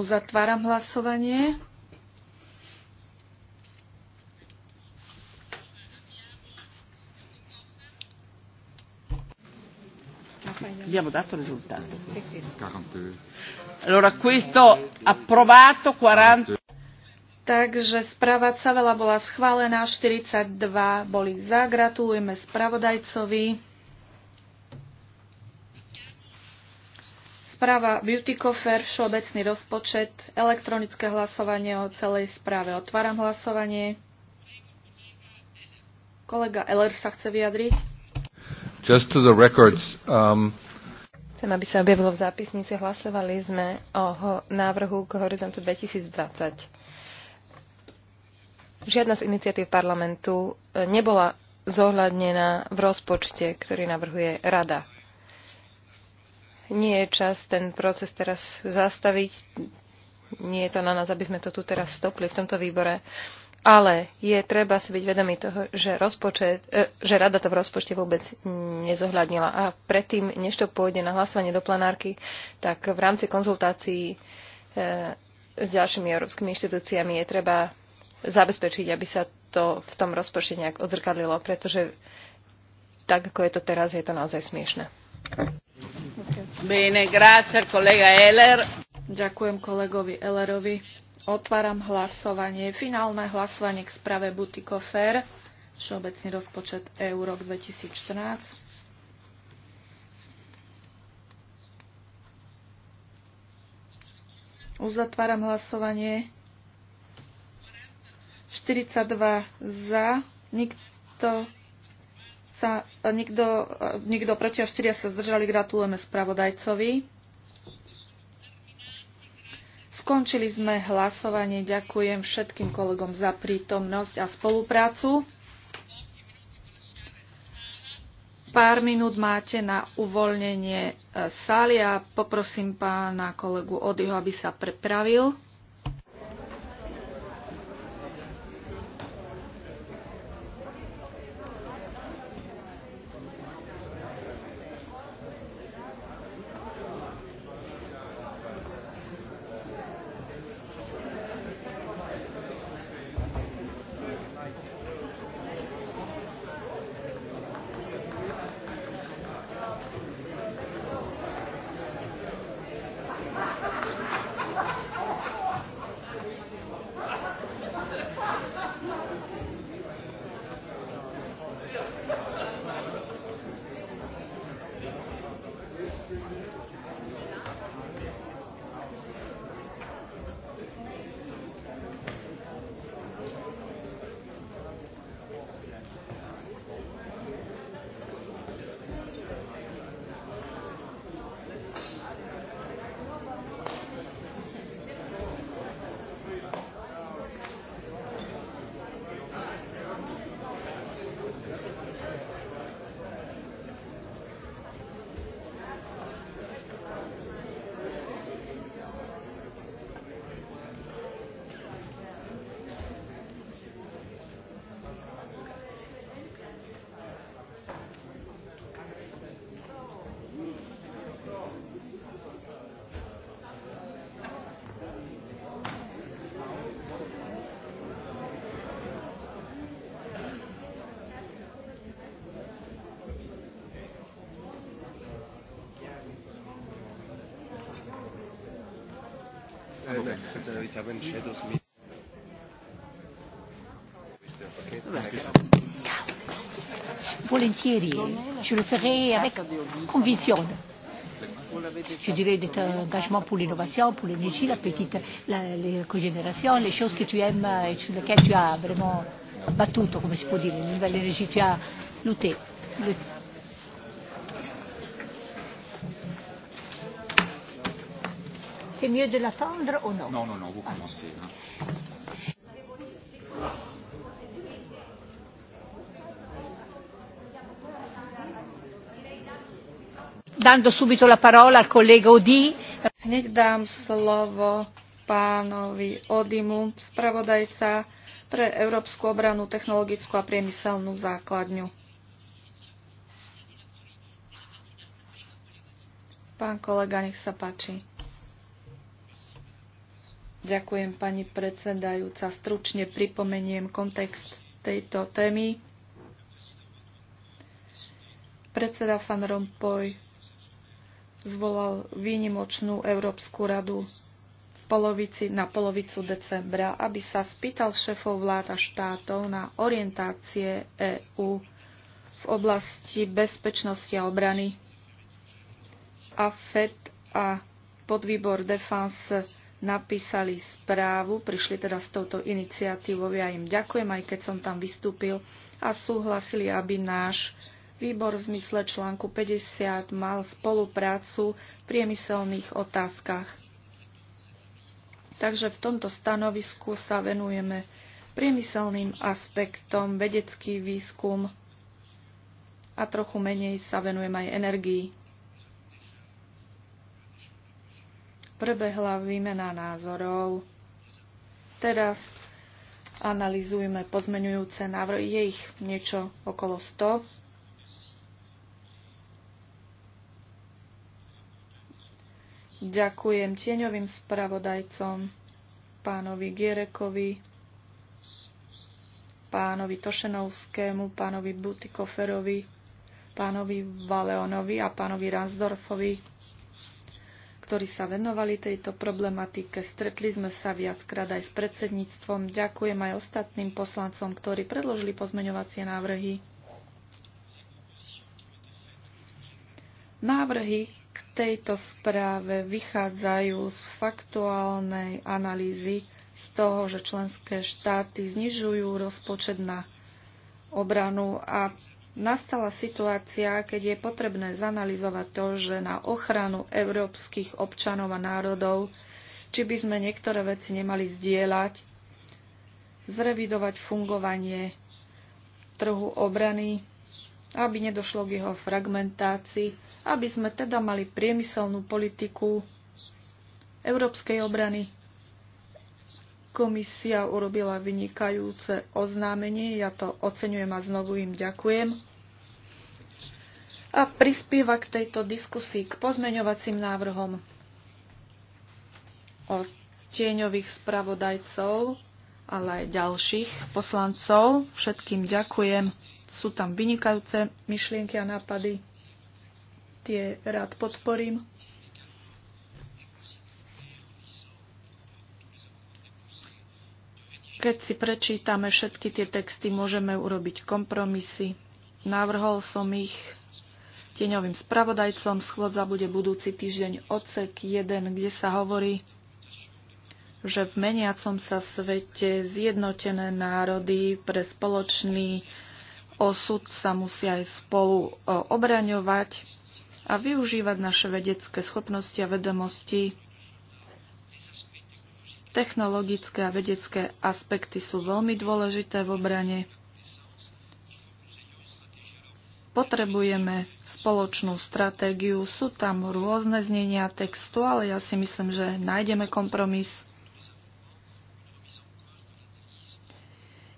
Uzatváram hlasovanie. abbiamo dato risultato. Allora questo approvato 40. Takže správa Cavela bola schválená, 42 boli za, gratulujeme spravodajcovi. Správa Beauty Coffer, všeobecný rozpočet, elektronické hlasovanie o celej správe. Otváram hlasovanie. Kolega Eller sa chce vyjadriť. Just to the records, um, Chcem, aby sa objavilo v zápisnici. Hlasovali sme o návrhu k horizontu 2020. Žiadna z iniciatív parlamentu e, nebola zohľadnená v rozpočte, ktorý navrhuje Rada. Nie je čas ten proces teraz zastaviť. Nie je to na nás, aby sme to tu teraz stopli v tomto výbore. Ale je treba si byť vedomý toho, že, rozpočet, e, že rada to v rozpočte vôbec nezohľadnila. A predtým, než to pôjde na hlasovanie do plenárky, tak v rámci konzultácií e, s ďalšími európskymi inštitúciami je treba zabezpečiť, aby sa to v tom rozpočte nejak odzrkadlilo, pretože tak, ako je to teraz, je to naozaj smiešne. Bene, grazie, kolega Eller. Ďakujem kolegovi Ellerovi. Otváram hlasovanie. Finálne hlasovanie k sprave Butikofer. Všeobecný rozpočet EU rok 2014. Uzatváram hlasovanie. 42 za, nikto, sa, nikto, nikto proti a 4 sa zdržali. Gratulujeme spravodajcovi. Skončili sme hlasovanie. Ďakujem všetkým kolegom za prítomnosť a spoluprácu. Pár minút máte na uvoľnenie sály a poprosím pána kolegu Odyho, aby sa prepravil. Volentieri, je le ferai avec conviction. Je dirais d'être engagement pour l'innovation, pour l'énergie, la petite, la, les cogénération, les choses que tu aimes et sur lesquelles tu as vraiment battu, comme si peut dire, l'énergie, tu as lutté. lutté c'est mieux de l'attendre ou non Non, non, non, vous commencez. Hein. Dando subito la parola al collega Odi. Hneď dám slovo pánovi Odimu, spravodajca pre Európsku obranu, technologickú a priemyselnú základňu. Pán kolega, nech sa páči. Ďakujem, pani predsedajúca. Stručne pripomeniem kontext tejto témy. Predseda Van Rompuy zvolal výnimočnú Európsku radu v polovici, na polovicu decembra, aby sa spýtal šéfov vlád a štátov na orientácie EÚ v oblasti bezpečnosti a obrany. A FED a podvýbor Defense napísali správu, prišli teda s touto iniciatívou. Ja im ďakujem, aj keď som tam vystúpil a súhlasili, aby náš výbor v zmysle článku 50 mal spoluprácu v priemyselných otázkach. Takže v tomto stanovisku sa venujeme priemyselným aspektom, vedecký výskum a trochu menej sa venujem aj energii. prebehla výmena názorov. Teraz analizujme pozmenujúce návrhy. Je ich niečo okolo 100. Ďakujem tieňovým spravodajcom, pánovi Gierekovi, pánovi Tošenovskému, pánovi Butikoferovi, pánovi Valeonovi a pánovi Razdorfovi ktorí sa venovali tejto problematike. Stretli sme sa viackrát aj s predsedníctvom. Ďakujem aj ostatným poslancom, ktorí predložili pozmeňovacie návrhy. Návrhy k tejto správe vychádzajú z faktuálnej analýzy z toho, že členské štáty znižujú rozpočet na obranu a nastala situácia, keď je potrebné zanalizovať to, že na ochranu európskych občanov a národov, či by sme niektoré veci nemali zdieľať, zrevidovať fungovanie trhu obrany, aby nedošlo k jeho fragmentácii, aby sme teda mali priemyselnú politiku európskej obrany Komisia urobila vynikajúce oznámenie, ja to oceňujem a znovu im ďakujem. A prispieva k tejto diskusii k pozmeňovacím návrhom o tieňových spravodajcov, ale aj ďalších poslancov. Všetkým ďakujem. Sú tam vynikajúce myšlienky a nápady. Tie rád podporím. Keď si prečítame všetky tie texty, môžeme urobiť kompromisy. Navrhol som ich tieňovým spravodajcom. Schôdza bude budúci týždeň odsek 1, kde sa hovorí, že v meniacom sa svete zjednotené národy pre spoločný osud sa musia aj spolu e, obraňovať a využívať naše vedecké schopnosti a vedomosti Technologické a vedecké aspekty sú veľmi dôležité v obrane. Potrebujeme spoločnú stratégiu, sú tam rôzne znenia textu, ale ja si myslím, že nájdeme kompromis.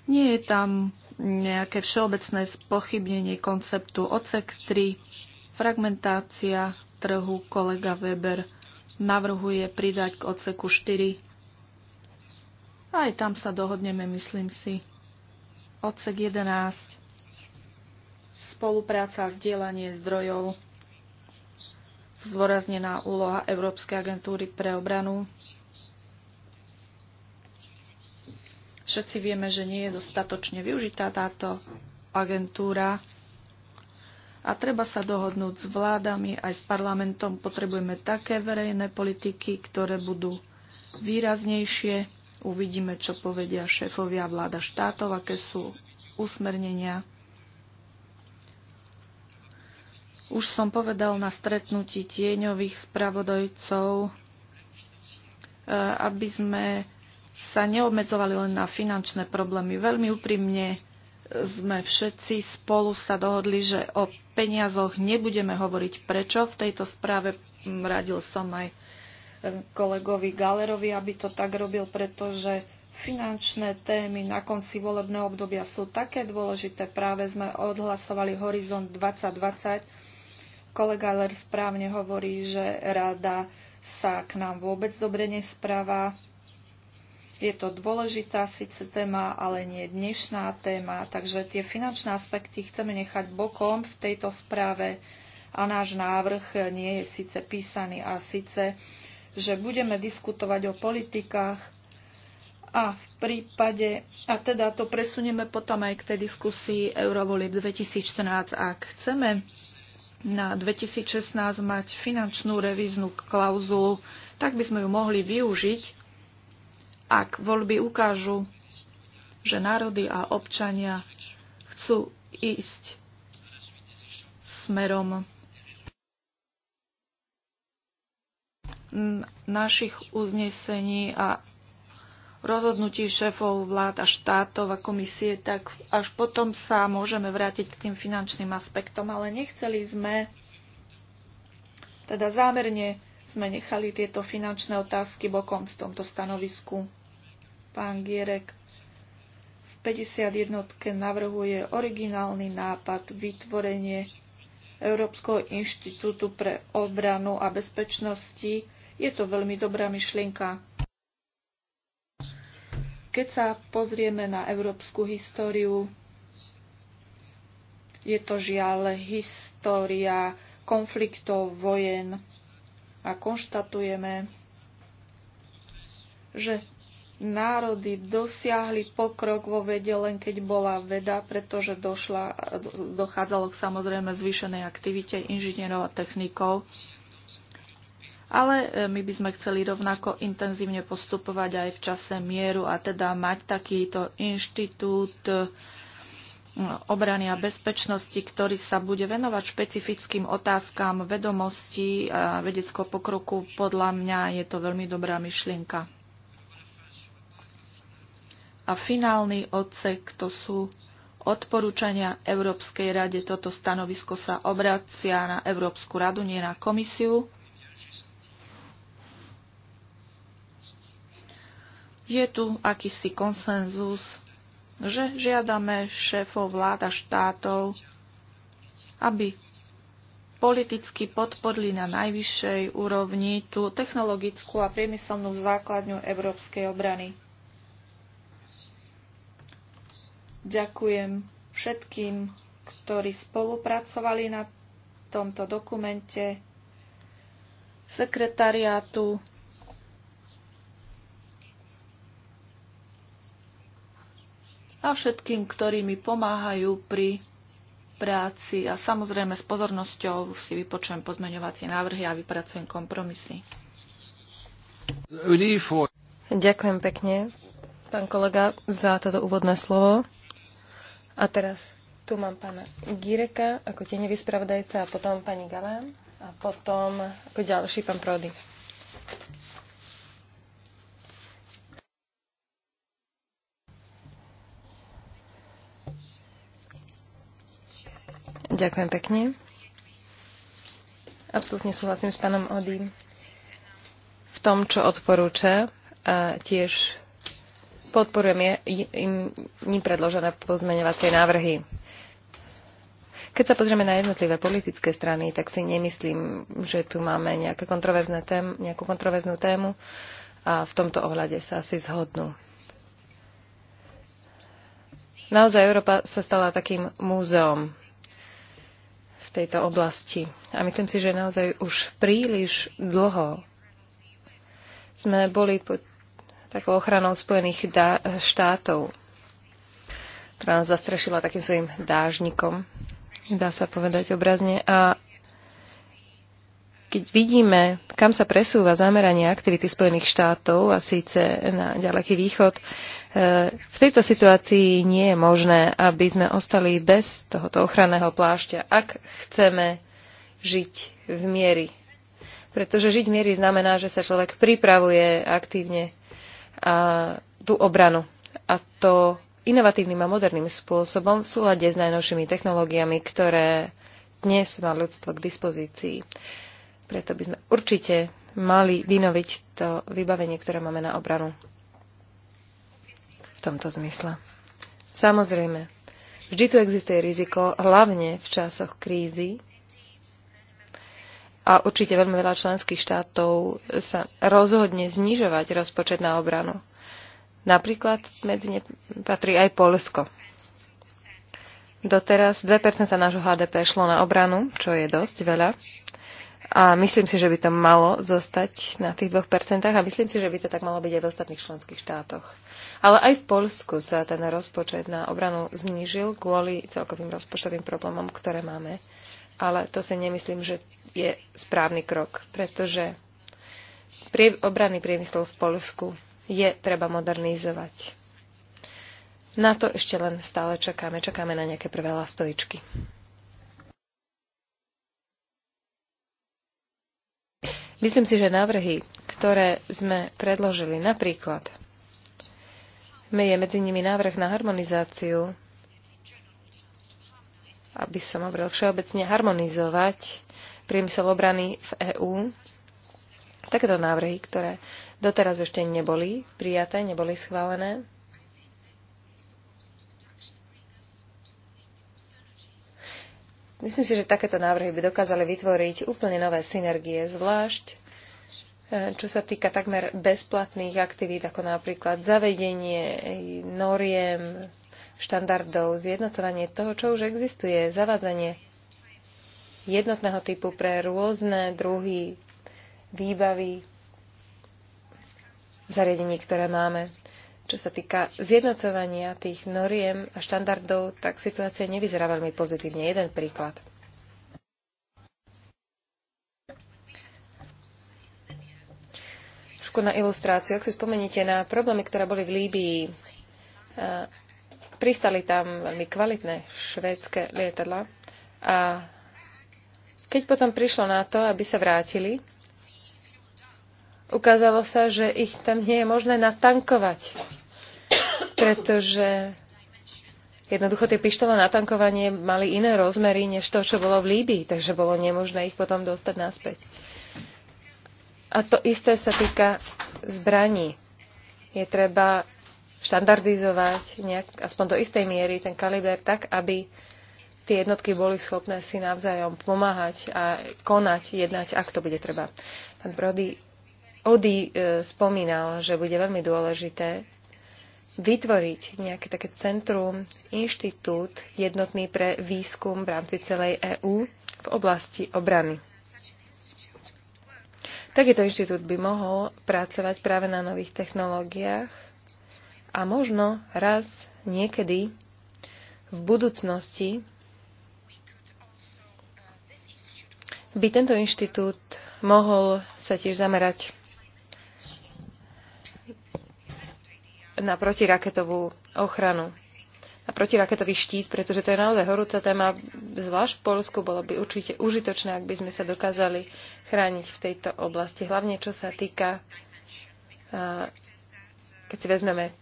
Nie je tam nejaké všeobecné spochybnenie konceptu OCEK 3, fragmentácia trhu kolega Weber navrhuje pridať k oceku 4 aj tam sa dohodneme, myslím si. Odsek 11. Spolupráca a vzdielanie zdrojov. Zvoraznená úloha Európskej agentúry pre obranu. Všetci vieme, že nie je dostatočne využitá táto agentúra a treba sa dohodnúť s vládami aj s parlamentom. Potrebujeme také verejné politiky, ktoré budú výraznejšie Uvidíme, čo povedia šéfovia vláda štátov, aké sú usmernenia. Už som povedal na stretnutí tieňových spravodajcov, e, aby sme sa neobmedzovali len na finančné problémy. Veľmi úprimne sme všetci spolu sa dohodli, že o peniazoch nebudeme hovoriť prečo. V tejto správe radil som aj kolegovi Galerovi, aby to tak robil, pretože finančné témy na konci volebného obdobia sú také dôležité. Práve sme odhlasovali Horizont 2020. Kolega Ler správne hovorí, že rada sa k nám vôbec dobre nespráva. Je to dôležitá síce téma, ale nie dnešná téma, takže tie finančné aspekty chceme nechať bokom v tejto správe a náš návrh nie je síce písaný a síce že budeme diskutovať o politikách a v prípade, a teda to presunieme potom aj k tej diskusii Eurovolieb 2014, ak chceme na 2016 mať finančnú revíznu klauzulu, tak by sme ju mohli využiť, ak voľby ukážu, že národy a občania chcú ísť smerom našich uznesení a rozhodnutí šéfov vlád a štátov a komisie, tak až potom sa môžeme vrátiť k tým finančným aspektom, ale nechceli sme, teda zámerne sme nechali tieto finančné otázky bokom v tomto stanovisku. Pán Gierek v 51. navrhuje originálny nápad vytvorenie Európskeho inštitútu pre obranu a bezpečnosti, je to veľmi dobrá myšlienka. Keď sa pozrieme na európsku históriu, je to žiaľ história konfliktov, vojen a konštatujeme, že národy dosiahli pokrok vo vede len keď bola veda, pretože došla, dochádzalo k samozrejme zvýšenej aktivite inžinierov a technikov ale e, my by sme chceli rovnako intenzívne postupovať aj v čase mieru a teda mať takýto inštitút e, obrany a bezpečnosti, ktorý sa bude venovať špecifickým otázkam vedomostí a vedeckého pokroku. Podľa mňa je to veľmi dobrá myšlienka. A finálny odsek to sú odporúčania Európskej rade. Toto stanovisko sa obracia na Európsku radu, nie na komisiu. je tu akýsi konsenzus, že žiadame šéfov vláda štátov, aby politicky podporili na najvyššej úrovni tú technologickú a priemyselnú základňu európskej obrany. Ďakujem všetkým, ktorí spolupracovali na tomto dokumente, sekretariátu, a všetkým, ktorí mi pomáhajú pri práci a samozrejme s pozornosťou si vypočujem pozmeňovacie návrhy a vypracujem kompromisy. Ďakujem pekne, pán kolega, za toto úvodné slovo. A teraz tu mám pána Gireka ako tenevý spravodajca a potom pani Galán a potom ako ďalší pán Prody. Ďakujem pekne. Absolutne súhlasím s pánom Odím v tom, čo odporúča a tiež podporujem im nepredložené pozmeňovacie návrhy. Keď sa pozrieme na jednotlivé politické strany, tak si nemyslím, že tu máme nejaké kontroverzné tém, nejakú kontroverznú tému a v tomto ohľade sa asi zhodnú. Naozaj Európa sa stala takým múzeom tejto oblasti. A myslím si, že naozaj už príliš dlho sme boli pod takou ochranou Spojených štátov, ktorá nás zastrešila takým svojim dážnikom, dá sa povedať obrazne. A keď vidíme, kam sa presúva zameranie aktivity Spojených štátov a síce na ďaleký východ, e, v tejto situácii nie je možné, aby sme ostali bez tohoto ochranného plášťa, ak chceme žiť v miery. Pretože žiť v miery znamená, že sa človek pripravuje aktívne a tú obranu. A to inovatívnym a moderným spôsobom v súlade s najnovšími technológiami, ktoré dnes má ľudstvo k dispozícii. Preto by sme určite mali vynoviť to vybavenie, ktoré máme na obranu. V tomto zmysle. Samozrejme, vždy tu existuje riziko, hlavne v časoch krízy. A určite veľmi veľa členských štátov sa rozhodne znižovať rozpočet na obranu. Napríklad medzi ne patrí aj Polsko. Doteraz 2% nášho HDP šlo na obranu, čo je dosť veľa. A myslím si, že by to malo zostať na tých 2% a myslím si, že by to tak malo byť aj v ostatných členských štátoch. Ale aj v Polsku sa ten rozpočet na obranu znížil kvôli celkovým rozpočtovým problémom, ktoré máme. Ale to si nemyslím, že je správny krok, pretože prie, obranný priemysel v Polsku je treba modernizovať. Na to ešte len stále čakáme. Čakáme na nejaké prvé lastovičky. Myslím si, že návrhy, ktoré sme predložili, napríklad je medzi nimi návrh na harmonizáciu, aby som hovoril všeobecne harmonizovať priemysel obrany v EÚ. Takéto návrhy, ktoré doteraz ešte neboli prijaté, neboli schválené, Myslím si, že takéto návrhy by dokázali vytvoriť úplne nové synergie, zvlášť e, čo sa týka takmer bezplatných aktivít, ako napríklad zavedenie noriem, štandardov, zjednocovanie toho, čo už existuje, zavádzanie jednotného typu pre rôzne druhy výbavy, zariadení, ktoré máme čo sa týka zjednocovania tých noriem a štandardov, tak situácia nevyzerá veľmi pozitívne. Jeden príklad. Trošku na ilustráciu. Ak si spomeniete na problémy, ktoré boli v Líbii, pristali tam veľmi kvalitné švédske lietadla a keď potom prišlo na to, aby sa vrátili, ukázalo sa, že ich tam nie je možné natankovať, pretože jednoducho tie pištole na tankovanie mali iné rozmery, než to, čo bolo v Líbii, takže bolo nemožné ich potom dostať naspäť. A to isté sa týka zbraní. Je treba štandardizovať nejak, aspoň do istej miery ten kaliber tak, aby tie jednotky boli schopné si navzájom pomáhať a konať, jednať, ak to bude treba. Pán Brody, Ody e, spomínal, že bude veľmi dôležité vytvoriť nejaké také centrum, inštitút jednotný pre výskum v rámci celej EÚ v oblasti obrany. Takýto inštitút by mohol pracovať práve na nových technológiách a možno raz niekedy v budúcnosti by tento inštitút mohol sa tiež zamerať na protiraketovú ochranu a protiraketový štít, pretože to je naozaj horúca téma, zvlášť v Polsku, bolo by určite užitočné, ak by sme sa dokázali chrániť v tejto oblasti. Hlavne čo sa týka, keď si vezmeme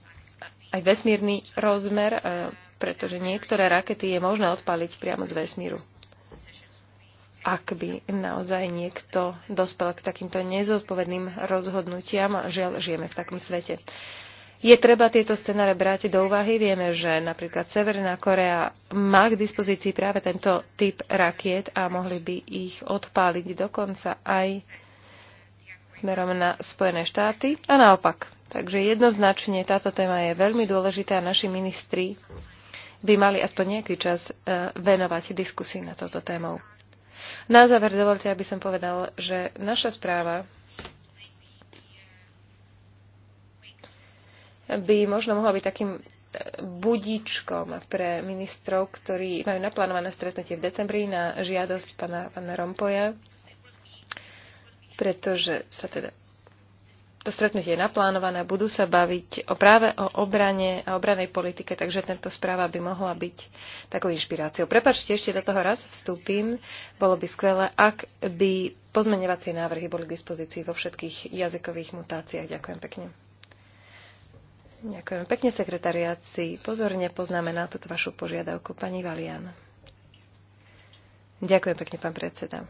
aj vesmírny rozmer, pretože niektoré rakety je možné odpaliť priamo z vesmíru. Ak by naozaj niekto dospel k takýmto nezodpovedným rozhodnutiam, žiaľ, žijeme v takom svete. Je treba tieto scenáre brať do úvahy. Vieme, že napríklad Severná Korea má k dispozícii práve tento typ rakiet a mohli by ich odpáliť dokonca aj smerom na Spojené štáty a naopak. Takže jednoznačne táto téma je veľmi dôležitá a naši ministri by mali aspoň nejaký čas e, venovať diskusii na toto tému. Na záver dovolte, aby som povedal, že naša správa by možno mohla byť takým e, budičkom pre ministrov, ktorí majú naplánované stretnutie v decembri na žiadosť pana, pana Rompoja, pretože sa teda to stretnutie je naplánované, budú sa baviť o práve o obrane a obranej politike, takže tento správa by mohla byť takou inšpiráciou. Prepačte, ešte do toho raz vstúpim. Bolo by skvelé, ak by pozmeňovacie návrhy boli k dispozícii vo všetkých jazykových mutáciách. Ďakujem pekne. Ďakujem pekne, sekretariáci. si pozorne na túto vašu požiadavku, pani Valian. Ďakujem pekne, pán predseda.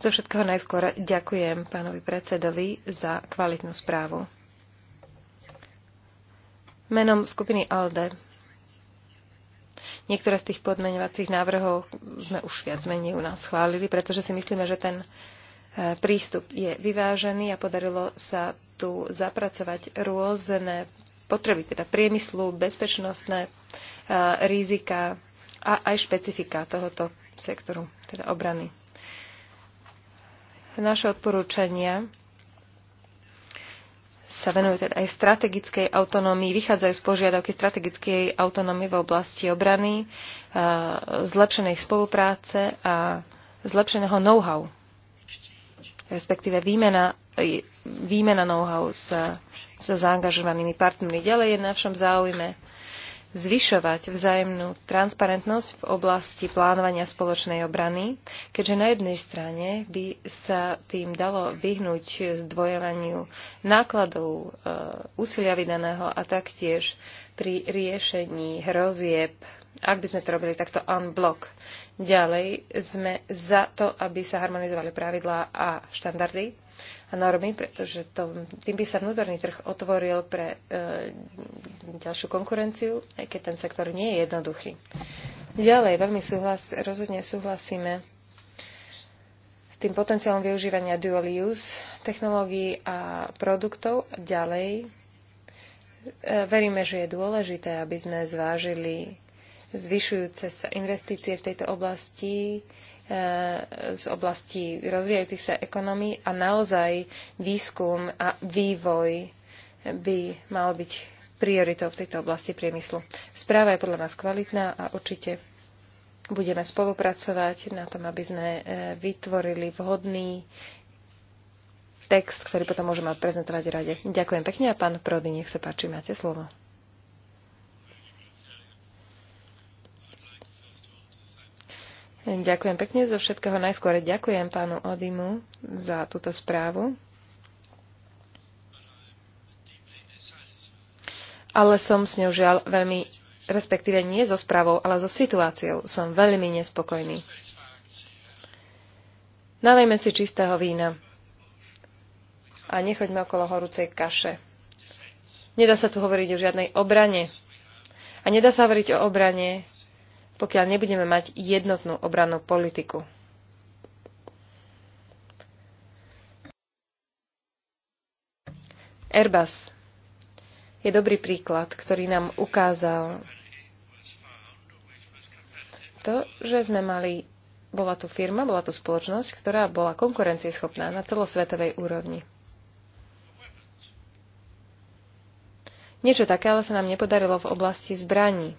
Zo všetkého najskôr ďakujem pánovi predsedovi za kvalitnú správu. Menom skupiny ALDE. Niektoré z tých podmeňovacích návrhov sme už viac menej u nás schválili, pretože si myslíme, že ten E, prístup je vyvážený a podarilo sa tu zapracovať rôzne potreby, teda priemyslu, bezpečnostné e, rizika a aj špecifika tohoto sektoru, teda obrany. Naše odporúčania sa venujú teda aj strategickej autonómii, vychádzajú z požiadavky strategickej autonómie v oblasti obrany, e, zlepšenej spolupráce a zlepšeného know-how respektíve výmena, výmena know-how s, s zaangažovanými partnermi. Ďalej je na všom záujme zvyšovať vzájomnú transparentnosť v oblasti plánovania spoločnej obrany, keďže na jednej strane by sa tým dalo vyhnúť zdvojovaniu nákladov e, úsilia vydaného a taktiež pri riešení hrozieb, ak by sme to robili takto unblock. Ďalej sme za to, aby sa harmonizovali pravidlá a štandardy a normy, pretože to, tým by sa vnútorný trh otvoril pre e, ďalšiu konkurenciu, aj keď ten sektor nie je jednoduchý. Ďalej, veľmi súhlas, rozhodne súhlasíme s tým potenciálom využívania dual use technológií a produktov. Ďalej, e, veríme, že je dôležité, aby sme zvážili zvyšujúce sa investície v tejto oblasti eh, z oblasti rozvíjajúcich sa ekonomí a naozaj výskum a vývoj by mal byť prioritou v tejto oblasti priemyslu. Správa je podľa nás kvalitná a určite budeme spolupracovať na tom, aby sme eh, vytvorili vhodný text, ktorý potom môžeme prezentovať rade. Ďakujem pekne a pán Prody, nech sa páči, máte slovo. Ďakujem pekne zo všetkého. Najskôr ďakujem pánu Odimu za túto správu. Ale som s ňou žiaľ veľmi, respektíve nie so správou, ale so situáciou som veľmi nespokojný. Nalejme si čistého vína a nechoďme okolo horúcej kaše. Nedá sa tu hovoriť o žiadnej obrane. A nedá sa hovoriť o obrane, pokiaľ nebudeme mať jednotnú obrannú politiku. Airbus je dobrý príklad, ktorý nám ukázal to, že sme mali, bola tu firma, bola tu spoločnosť, ktorá bola konkurencieschopná na celosvetovej úrovni. Niečo také ale sa nám nepodarilo v oblasti zbraní.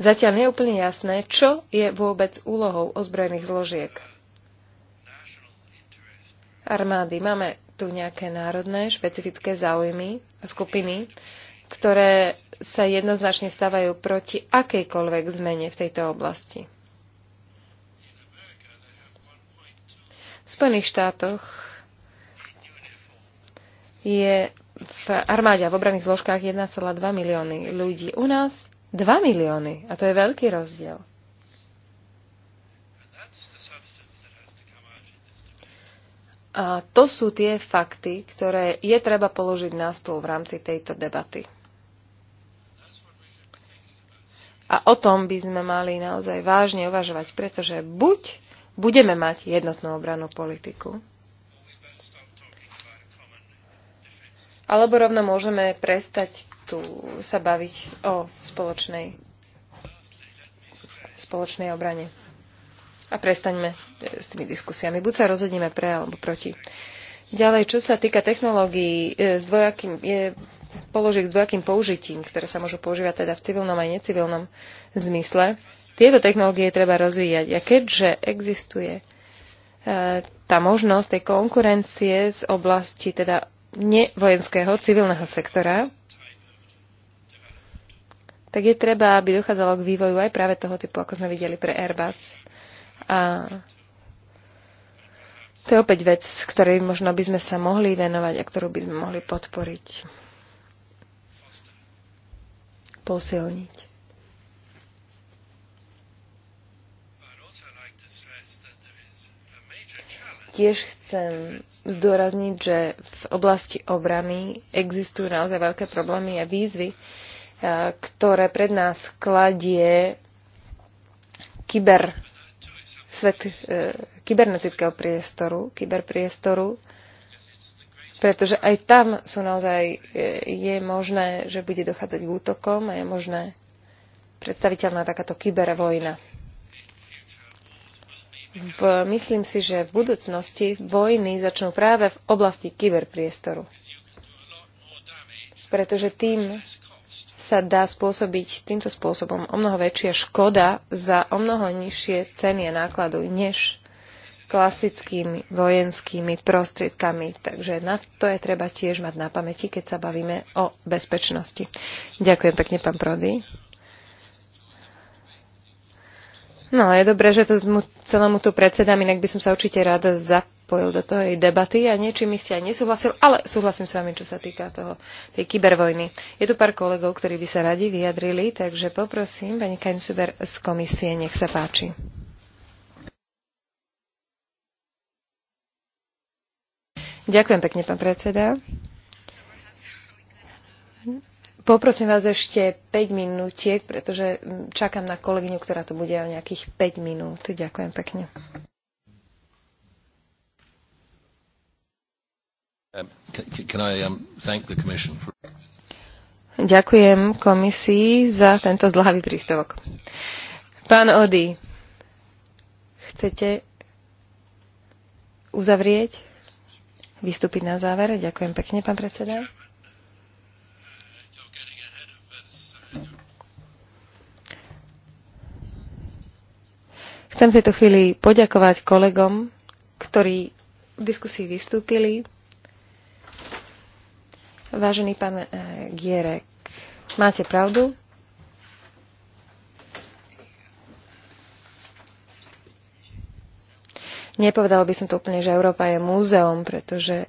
Zatiaľ nie je úplne jasné, čo je vôbec úlohou ozbrojených zložiek armády. Máme tu nejaké národné, špecifické záujmy a skupiny, ktoré sa jednoznačne stavajú proti akejkoľvek zmene v tejto oblasti. V Spojených štátoch je v armáde a v obranných zložkách 1,2 milióny ľudí. U nás 2 milióny. A to je veľký rozdiel. A to sú tie fakty, ktoré je treba položiť na stôl v rámci tejto debaty. A o tom by sme mali naozaj vážne uvažovať, pretože buď budeme mať jednotnú obranú politiku, alebo rovno môžeme prestať tu sa baviť o spoločnej, spoločnej obrane. A prestaňme e, s tými diskusiami. Buď sa rozhodneme pre alebo proti. Ďalej, čo sa týka technológií e, s dvojakým, je položiek s dvojakým použitím, ktoré sa môžu používať teda v civilnom aj necivilnom zmysle, tieto technológie treba rozvíjať. A keďže existuje e, tá možnosť tej konkurencie z oblasti teda nevojenského civilného sektora, tak je treba, aby dochádzalo k vývoju aj práve toho typu, ako sme videli pre Airbus. A to je opäť vec, ktorej možno by sme sa mohli venovať a ktorú by sme mohli podporiť, posilniť. Tiež chcem zdôrazniť, že v oblasti obrany existujú naozaj veľké problémy a výzvy, ktoré pred nás kladie kyber, svet e, kybernetického priestoru, kyberpriestoru, pretože aj tam sú naozaj, e, je možné, že bude dochádzať k útokom a je možné predstaviteľná takáto kybervojna v, myslím si, že v budúcnosti vojny začnú práve v oblasti kyberpriestoru. Pretože tým sa dá spôsobiť týmto spôsobom o mnoho väčšia škoda za o mnoho nižšie ceny a nákladu než klasickými vojenskými prostriedkami. Takže na to je treba tiež mať na pamäti, keď sa bavíme o bezpečnosti. Ďakujem pekne, pán Prody. No je dobré, že to celému tu predsedám, inak by som sa určite rád zapojil do tej debaty a niečím si aj nesúhlasil, ale súhlasím s vami, čo sa týka toho, tej kybervojny. Je tu pár kolegov, ktorí by sa radi vyjadrili, takže poprosím pani Kajnsuber z komisie, nech sa páči. Ďakujem pekne, pán predseda. Poprosím vás ešte 5 minútiek, pretože mm, čakám na kolegyňu, ktorá to bude o nejakých 5 minút. Ďakujem pekne. Um, um, Ďakujem komisii za tento zdlhavý príspevok. Pán Ody, chcete uzavrieť? Vystúpiť na záver? Ďakujem pekne, pán predseda. Chcem v tejto chvíli poďakovať kolegom, ktorí v diskusii vystúpili. Vážený pán eh, Gierek, máte pravdu. Nepovedala by som to úplne, že Európa je múzeum, pretože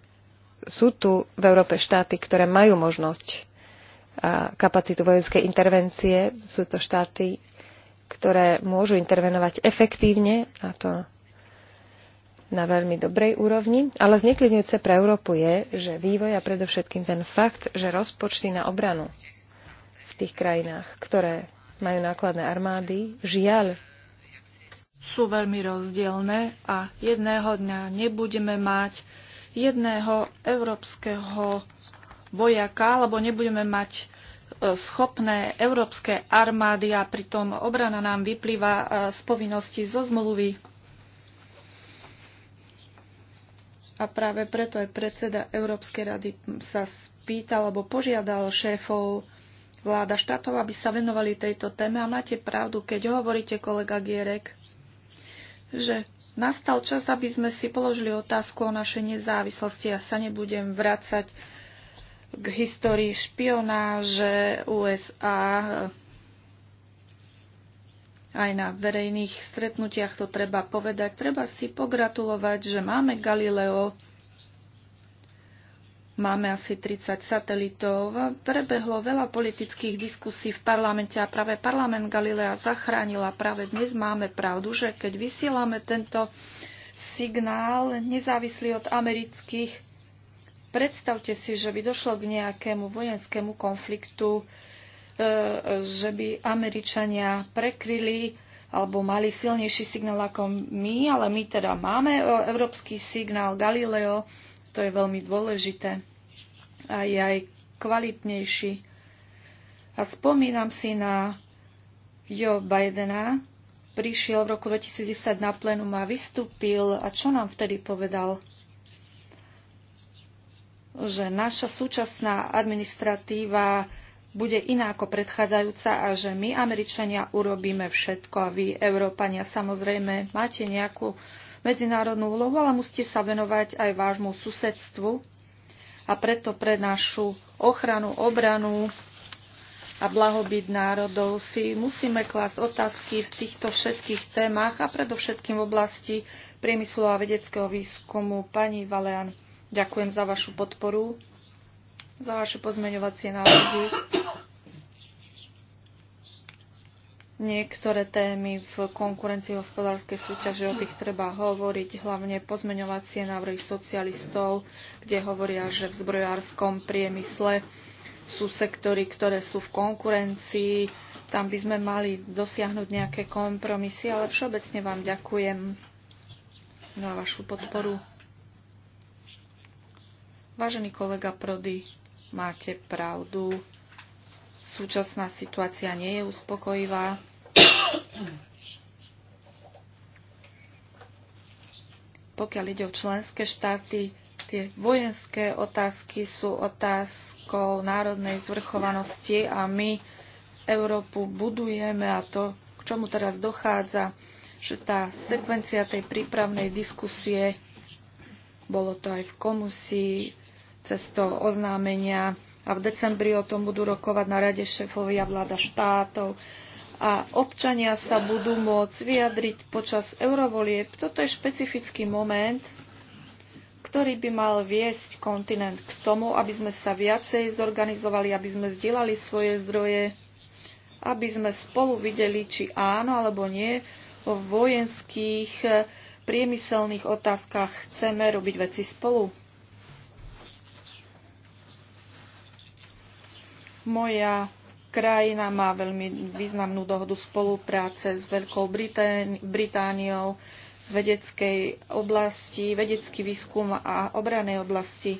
sú tu v Európe štáty, ktoré majú možnosť eh, kapacitu vojenskej intervencie. Sú to štáty, ktoré môžu intervenovať efektívne, a to na veľmi dobrej úrovni, ale zneklidňujúce pre Európu je, že vývoj a predovšetkým ten fakt, že rozpočty na obranu v tých krajinách, ktoré majú nákladné armády, žiaľ sú veľmi rozdielne a jedného dňa nebudeme mať jedného európskeho vojaka, alebo nebudeme mať schopné európske armády a pritom obrana nám vyplýva e, z povinnosti zo zmluvy. A práve preto aj predseda Európskej rady sa spýtal alebo požiadal šéfov vláda štátov, aby sa venovali tejto téme. A máte pravdu, keď hovoríte, kolega Gierek, že nastal čas, aby sme si položili otázku o našej nezávislosti. Ja sa nebudem vrácať k histórii špionáže USA. Eh, aj na verejných stretnutiach to treba povedať. Treba si pogratulovať, že máme Galileo, Máme asi 30 satelitov. Prebehlo veľa politických diskusí v parlamente a práve parlament Galilea zachránila. Práve dnes máme pravdu, že keď vysielame tento signál nezávislý od amerických Predstavte si, že by došlo k nejakému vojenskému konfliktu, e, že by Američania prekryli alebo mali silnejší signál ako my, ale my teda máme e, európsky signál Galileo, to je veľmi dôležité a je aj kvalitnejší. A spomínam si na Joe Bidena, prišiel v roku 2010 na plenum a vystúpil a čo nám vtedy povedal? že naša súčasná administratíva bude iná ako predchádzajúca a že my, Američania, urobíme všetko a vy, Európania, samozrejme, máte nejakú medzinárodnú úlohu, ale musíte sa venovať aj vášmu susedstvu a preto pre našu ochranu, obranu a blahobyt národov si musíme klásť otázky v týchto všetkých témach a predovšetkým v oblasti priemyslu a vedeckého výskumu. Pani Valean, Ďakujem za vašu podporu, za vaše pozmeňovacie návrhy. Niektoré témy v konkurencii hospodárskej súťaže, o tých treba hovoriť, hlavne pozmeňovacie návrhy socialistov, kde hovoria, že v zbrojárskom priemysle sú sektory, ktoré sú v konkurencii. Tam by sme mali dosiahnuť nejaké kompromisy, ale všeobecne vám ďakujem za vašu podporu. Vážený kolega Prody, máte pravdu. Súčasná situácia nie je uspokojivá. Pokiaľ ide o členské štáty, tie vojenské otázky sú otázkou národnej zvrchovanosti a my Európu budujeme a to, k čomu teraz dochádza, že tá sekvencia tej prípravnej diskusie, bolo to aj v komisii, cestou oznámenia a v decembri o tom budú rokovať na rade šéfovia vláda štátov a občania sa budú môcť vyjadriť počas eurovolieb. Toto je špecifický moment, ktorý by mal viesť kontinent k tomu, aby sme sa viacej zorganizovali, aby sme zdieľali svoje zdroje, aby sme spolu videli, či áno alebo nie vo vojenských priemyselných otázkach chceme robiť veci spolu. Moja krajina má veľmi významnú dohodu spolupráce s Veľkou Britániou z vedeckej oblasti, vedecký výskum a obranej oblasti.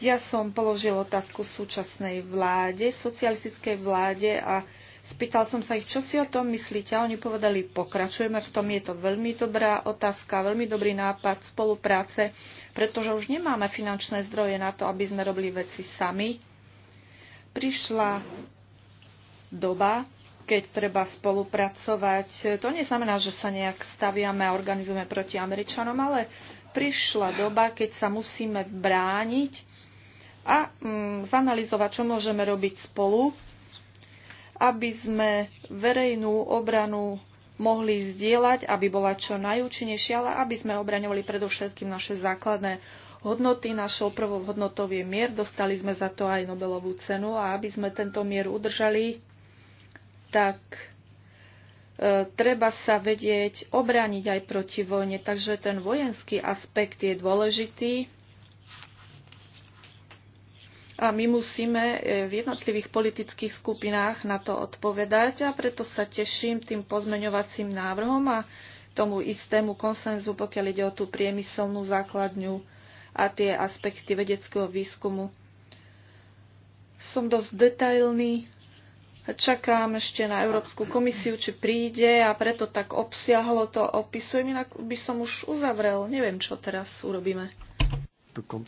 Ja som položil otázku súčasnej vláde, socialistickej vláde a spýtal som sa ich, čo si o tom myslíte a oni povedali, pokračujeme v tom, je to veľmi dobrá otázka, veľmi dobrý nápad spolupráce, pretože už nemáme finančné zdroje na to, aby sme robili veci sami prišla doba, keď treba spolupracovať. To neznamená, že sa nejak staviame a organizujeme proti Američanom, ale prišla doba, keď sa musíme brániť a mm, zanalizovať, čo môžeme robiť spolu, aby sme verejnú obranu mohli zdieľať, aby bola čo najúčinnejšia, ale aby sme obraňovali predovšetkým naše základné hodnoty. Našou prvou hodnotou je mier. Dostali sme za to aj Nobelovú cenu a aby sme tento mier udržali, tak e, treba sa vedieť obrániť aj proti vojne, takže ten vojenský aspekt je dôležitý. A my musíme e, v jednotlivých politických skupinách na to odpovedať a preto sa teším tým pozmeňovacím návrhom a tomu istému konsenzu, pokiaľ ide o tú priemyselnú základňu a tie aspekty vedeckého výskumu. Som dosť detailný, čakám ešte na Európsku komisiu, či príde a preto tak obsiahlo to opisujem, inak by som už uzavrel, neviem, čo teraz urobíme. Um,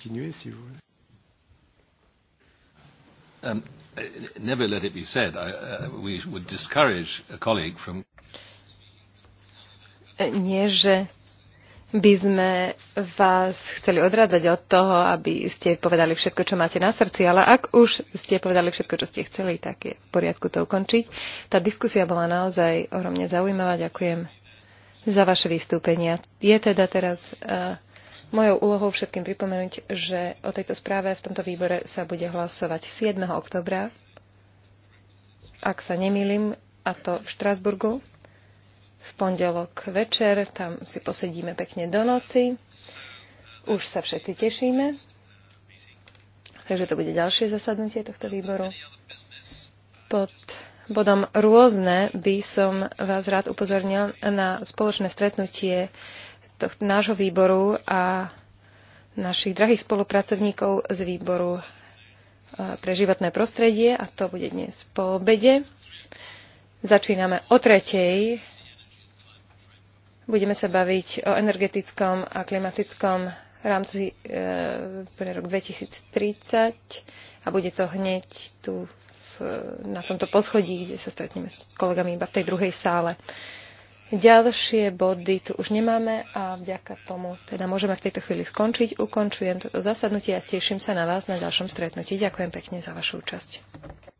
uh, Nie, že by sme vás chceli odrádzať od toho, aby ste povedali všetko, čo máte na srdci, ale ak už ste povedali všetko, čo ste chceli, tak je v poriadku to ukončiť. Tá diskusia bola naozaj ohromne zaujímavá. Ďakujem za vaše vystúpenia. Je teda teraz uh, mojou úlohou všetkým pripomenúť, že o tejto správe v tomto výbore sa bude hlasovať 7. oktobra, ak sa nemýlim, a to v Štrasburgu v pondelok večer. Tam si posedíme pekne do noci. Už sa všetci tešíme. Takže to bude ďalšie zasadnutie tohto výboru. Pod bodom rôzne by som vás rád upozornil na spoločné stretnutie tohto nášho výboru a našich drahých spolupracovníkov z výboru e, pre životné prostredie a to bude dnes po obede. Začíname o tretej Budeme sa baviť o energetickom a klimatickom rámci e, pre rok 2030 a bude to hneď tu v, na tomto poschodí, kde sa stretneme s kolegami iba v tej druhej sále. Ďalšie body tu už nemáme a vďaka tomu teda môžeme v tejto chvíli skončiť. Ukončujem toto zasadnutie a teším sa na vás na ďalšom stretnutí. Ďakujem pekne za vašu účasť.